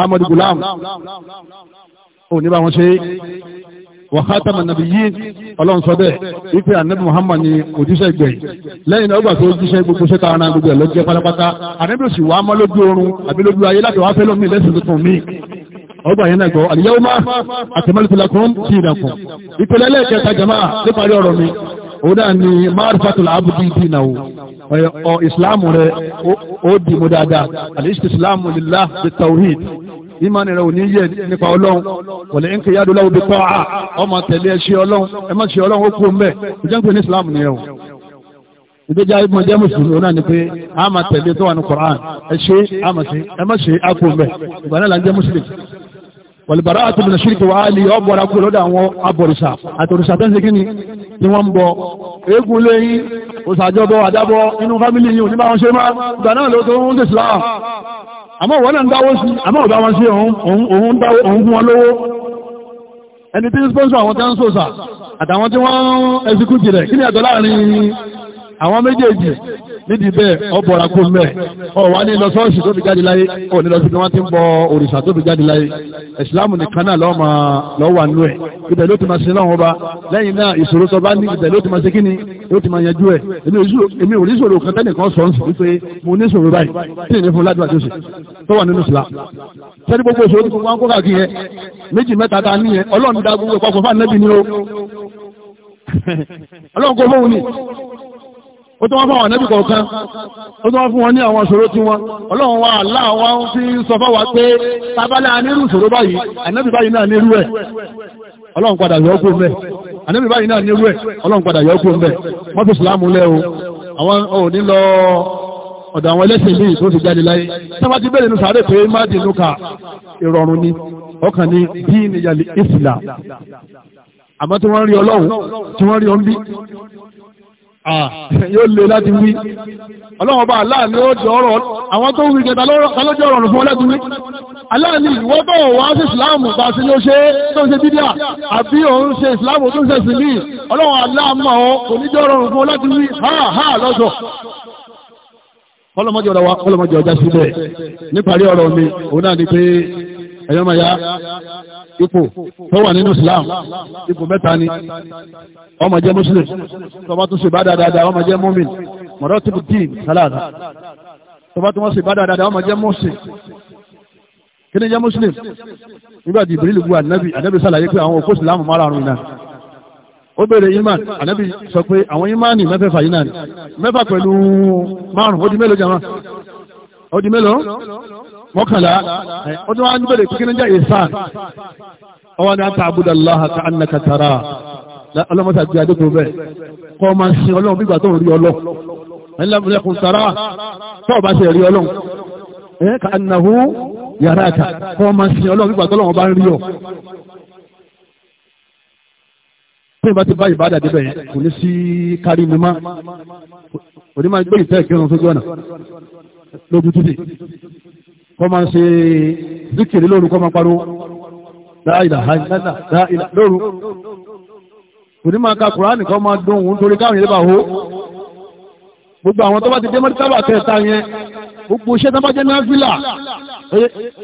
Ahmad Gulam òun ní bá wọn ṣe wa khataman nabiyyin ọlọ́run sọ bẹ́ẹ̀ wípé ànábì muhammad ni òjíṣẹ́ ìgbẹ̀yìn lẹ́yìn náà ó gbà tó jíṣẹ́ gbogbo ṣẹ́ ta ara gbogbo ẹ̀ lọ́jẹ́ pátápátá ànábì sì wàá mọ́ lójú oorun àbí lójú ayé láti wàá fẹ́ lómi lẹ́sìn tuntun mi ọgbà yẹn náà gbọ́ al-yawma akmaltu lakum dinakum ìpìlẹ̀ lẹ́ẹ̀kẹta jama'a níparí ọ̀rọ̀ mi òun náà ni ma'rifatul abdi dinahu ọ ìsìláàmù rẹ̀ ó dì mú dáadáa al-istislamu lillah bit-tawhid ìmánì rẹ̀ ò ní yẹ nípa ọlọ́run wọ̀lẹ̀ ń kéyàdó láwọ́ bí pọ́à ọmọ tẹ̀lé ẹṣẹ́ ọlọ́run ẹmọ́ ṣe ọlọ́run ó kú mẹ́ ìjẹ́ ń pè ní islam ni ẹ̀ o ìgbéjà ìmọ̀ jẹ́ mùsùlùmí náà ni pé a máa tẹ̀lé tó wà ní Qur'an ẹ ṣe a máa ṣe ẹ má ṣe á kú mẹ́ ìgbà náà là ń jẹ́ mùsùlùmí wàlùbàrà àti bìnà ṣíríkì wà á lè ọgbọ̀ ara kúrò lọ́dọ̀ àwọn abọ̀rìṣà àti òrìṣà tó ń Islam àmọ́ wọ́n náà ń dáwó sí àmọ́ ọ̀dá wọn sí òun dáwó òun fún wọn lówó ẹni tí ń sponsor àwọn tí wọ́n ń sòsà àtàwọn tí wọ́n ń execute rẹ̀ kí ni àtọ̀ láàrin àwọn méjèèjì nídìí bẹ́ẹ̀ ọbọ̀ra kó mẹ́ ọ̀wá ní lọ sọ́ọ̀sì tó fi jáde láyé ọ̀ ní lọ sí wọ́n ti ń bọ òrìṣà tó fi jáde láyé ìsìláàmù nìkan náà lọ́ọ́ máa lọ́ọ́ wà nú ẹ̀ ibẹ̀ ló ti máa sin láwọn ọba lẹ́yìn náà ìṣòro sọ bá ní ibẹ̀ ló ti máa ṣe kí ni ló ti máa yanjú ẹ̀ èmi ò níṣòro kan tẹ́nìkan sọ ń sọ wípé mo níṣòro báyìí tí ì ní fún ládùúgbà tó ṣe tó wà nínú ìsìlá sẹ́ni gbogbo ìṣòro tí gbogbo wọn kó kàkiri yẹn méjì mẹ́ta ta ní yẹn ọlọ́run dá gbogbo ìpapọ̀ fáànẹ́bì ni ó ọlọ́run kó fóun ni ó tó wọ́n fún àwọn ànábì kọ̀ọ̀kan ó tó wọ́n fún wọn ní àwọn ìṣòro tí wọ́n ọlọ́run wa Allah wa ń fi sọ fáwa pé tábálẹ̀ anírù ìṣòro báyìí ànábì báyìí náà nírú ẹ̀ ọlọ́run padà yọ ọkọ̀ mẹ́ ànábì báyìí náà nírú ẹ̀ ọlọ́run padà yọ ọkọ̀ mẹ́ mọ́tò ìsìlámù lẹ́ o àwọn ò ní lọ ọ̀dọ̀ àwọn ẹlẹ́sìn ilé tó ti jáde láyé sábà ti bẹ̀rẹ̀ nínú sàárè pé má dì ka ìrọ̀rùn ni ọkàn ni bí ni yàlẹ̀ ìsìlá àmọ́ tí wọ́n rí ọlọ́run tí wọ́n rí ọ Ah, yóò lè láti wí ọlọ́run ọba aláàánú ọjọ́ ọ̀rọ̀ àwọn tó wí kẹta lọ́jọ́ ọ̀rọ̀ fún ọlọ́dún wí aláàánú ìwọ́ bọ̀ wá sí ìsìláàmù bá sí ló ṣe tó ń ṣe bídíà àbí òun ṣe ìsìláàmù tó ń ṣe sí ní ọlọ́run aláàmú ọ oníjọ́ ọ̀rọ̀ fún ọlọ́dún wí ha ha lọ́jọ́ kọlọmọjọ ọjà síbẹ̀ níparí ọ̀rọ̀ mi òun náà ni pé ẹ̀yọ́ máa ya ipò tó wà nínú Islam ipò mẹ́ta ni ọmọ jẹ́ muslim tọba tún ṣe bá dáadáa ọmọ jẹ́ mumin mọ̀rọ́ tó bù dín sálàdà tọba tún wọ́n ṣe bá dáadáa ọmọ jẹ́ muslim kí ni jẹ́ muslim nígbà tí ìbílẹ̀ bu ànábì ànábì sàlàyé pé àwọn òkú Islam márààrún náà ó bèèrè iman ànábì sọ pé àwọn imani mẹ́fẹ̀ẹ́fà yìí náà mẹ́fà pẹ̀lú márùn-ún ó di mélòó jẹ́ wọn ó di mélòó mọ́kànlá ó ní wọ́n á bẹ̀rẹ̀ kíkẹ́ níjà ìsàn ọwọ́ ni a ta àbúdà láha ká annaka tara ọlọ́mọta jẹ́ adé tó bẹ́ẹ̀ kọ́ máa ṣe ọlọ́run bígbà tó ń rí ọlọ́ ẹ̀lẹ́kùn tara tó o bá ṣe rí ọlọ́run ẹ̀ ká annahu yàrá àtà kọ́ máa ṣe ọlọ́run bígbà tó lọ́wọ́ bá ń rí ọ tí ìbá ti bá ìbádà débẹ̀ yẹn kò ní sí kárí mímá òní máa gbé ìtẹ́ ìkírun sójú ọ̀nà lójú títì kọ́ máa ń ṣe zikiri lóru kọ́ máa pariwo láìlà àìlànà láìlà lóru kò ní máa ka kùránì kọ́ máa dún òun torí káwọn yẹn bá hó gbogbo àwọn tó bá ti dé mọ́tíkábà kẹta yẹn gbogbo iṣẹ́ tó bá jẹ́ náà fílà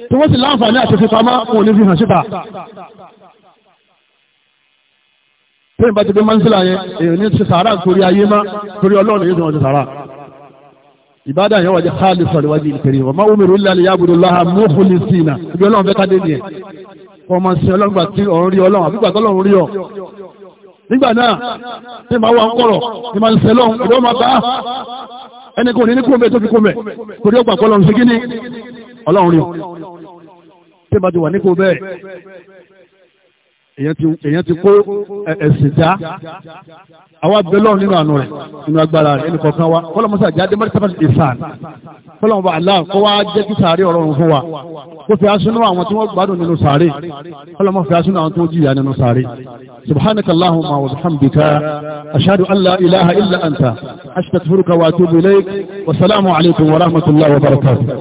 tí wọ́n sì láǹfààní àti fipamọ́ wọn ò ní fi hàn síta tí ìbá ti dé mọ́tíkábà yẹn èèyàn ní ti sàárà torí ayé má torí ọlọ́run yóò ti sàárà ìbádà yẹn wájú xaali sọ̀rọ̀ wájú ìkẹrẹ wọn máa wúmi rúlẹ̀ àlẹ́ yàgùdù lọ́ha mọ́kùnrin sí iná ibi ọlọ́run bẹ́ẹ̀ kádé nìyẹn wọn máa sin ọlọ́run gbà tí ọ̀run rí ọlọ́run àbí gbà tó ọlọ́run rí ọ. nígbà náà ní màá wà ń kọ̀rọ̀ ní màá ń sẹ́ lọ́hùn ìdánwò máa bá ẹni kò ní ní kúmbẹ tó fi kúmbẹ kò ní ó gbà pọ̀ ọlọ́run sí kí ni ọlọ́run rí ọ. tí èyàn ti kó ẹ̀sìn já àwa bẹ́lọ̀ nínú àánú rẹ̀ nínú agbára rẹ̀ ẹnì kọ̀ọ̀kan wa kọ́lọ́mọsá jáde mọ́tẹ́fà ìsàn kọ́lọ́mọba Allah kọ́ wa jẹ́ kí sàárè ọ̀rọ̀ ọ̀run fún wa kó fi asúnú àwọn tí wọ́n gbádùn nínú sàárè kọ́lọ́mọ fi asúnú àwọn tí wọ́n jìyà nínú sàárè subhanaka allahumma wa bihamdika ashhadu an la ilaha illa anta astaghfiruka wa atubu ilayk wa salaamu alaykum wa rahmatullahi wa barakatuh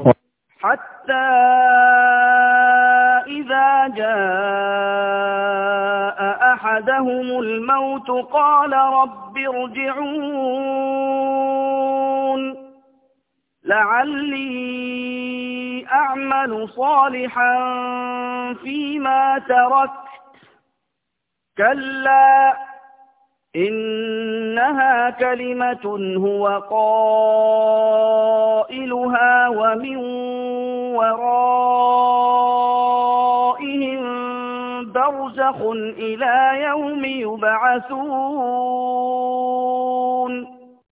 جاء أحدهم الموت قال رب ارجعون لعلي أعمل صالحا فيما تركت كلا إنها كلمة هو قائلها ومن ورائهم برزخ إلى يوم يبعثون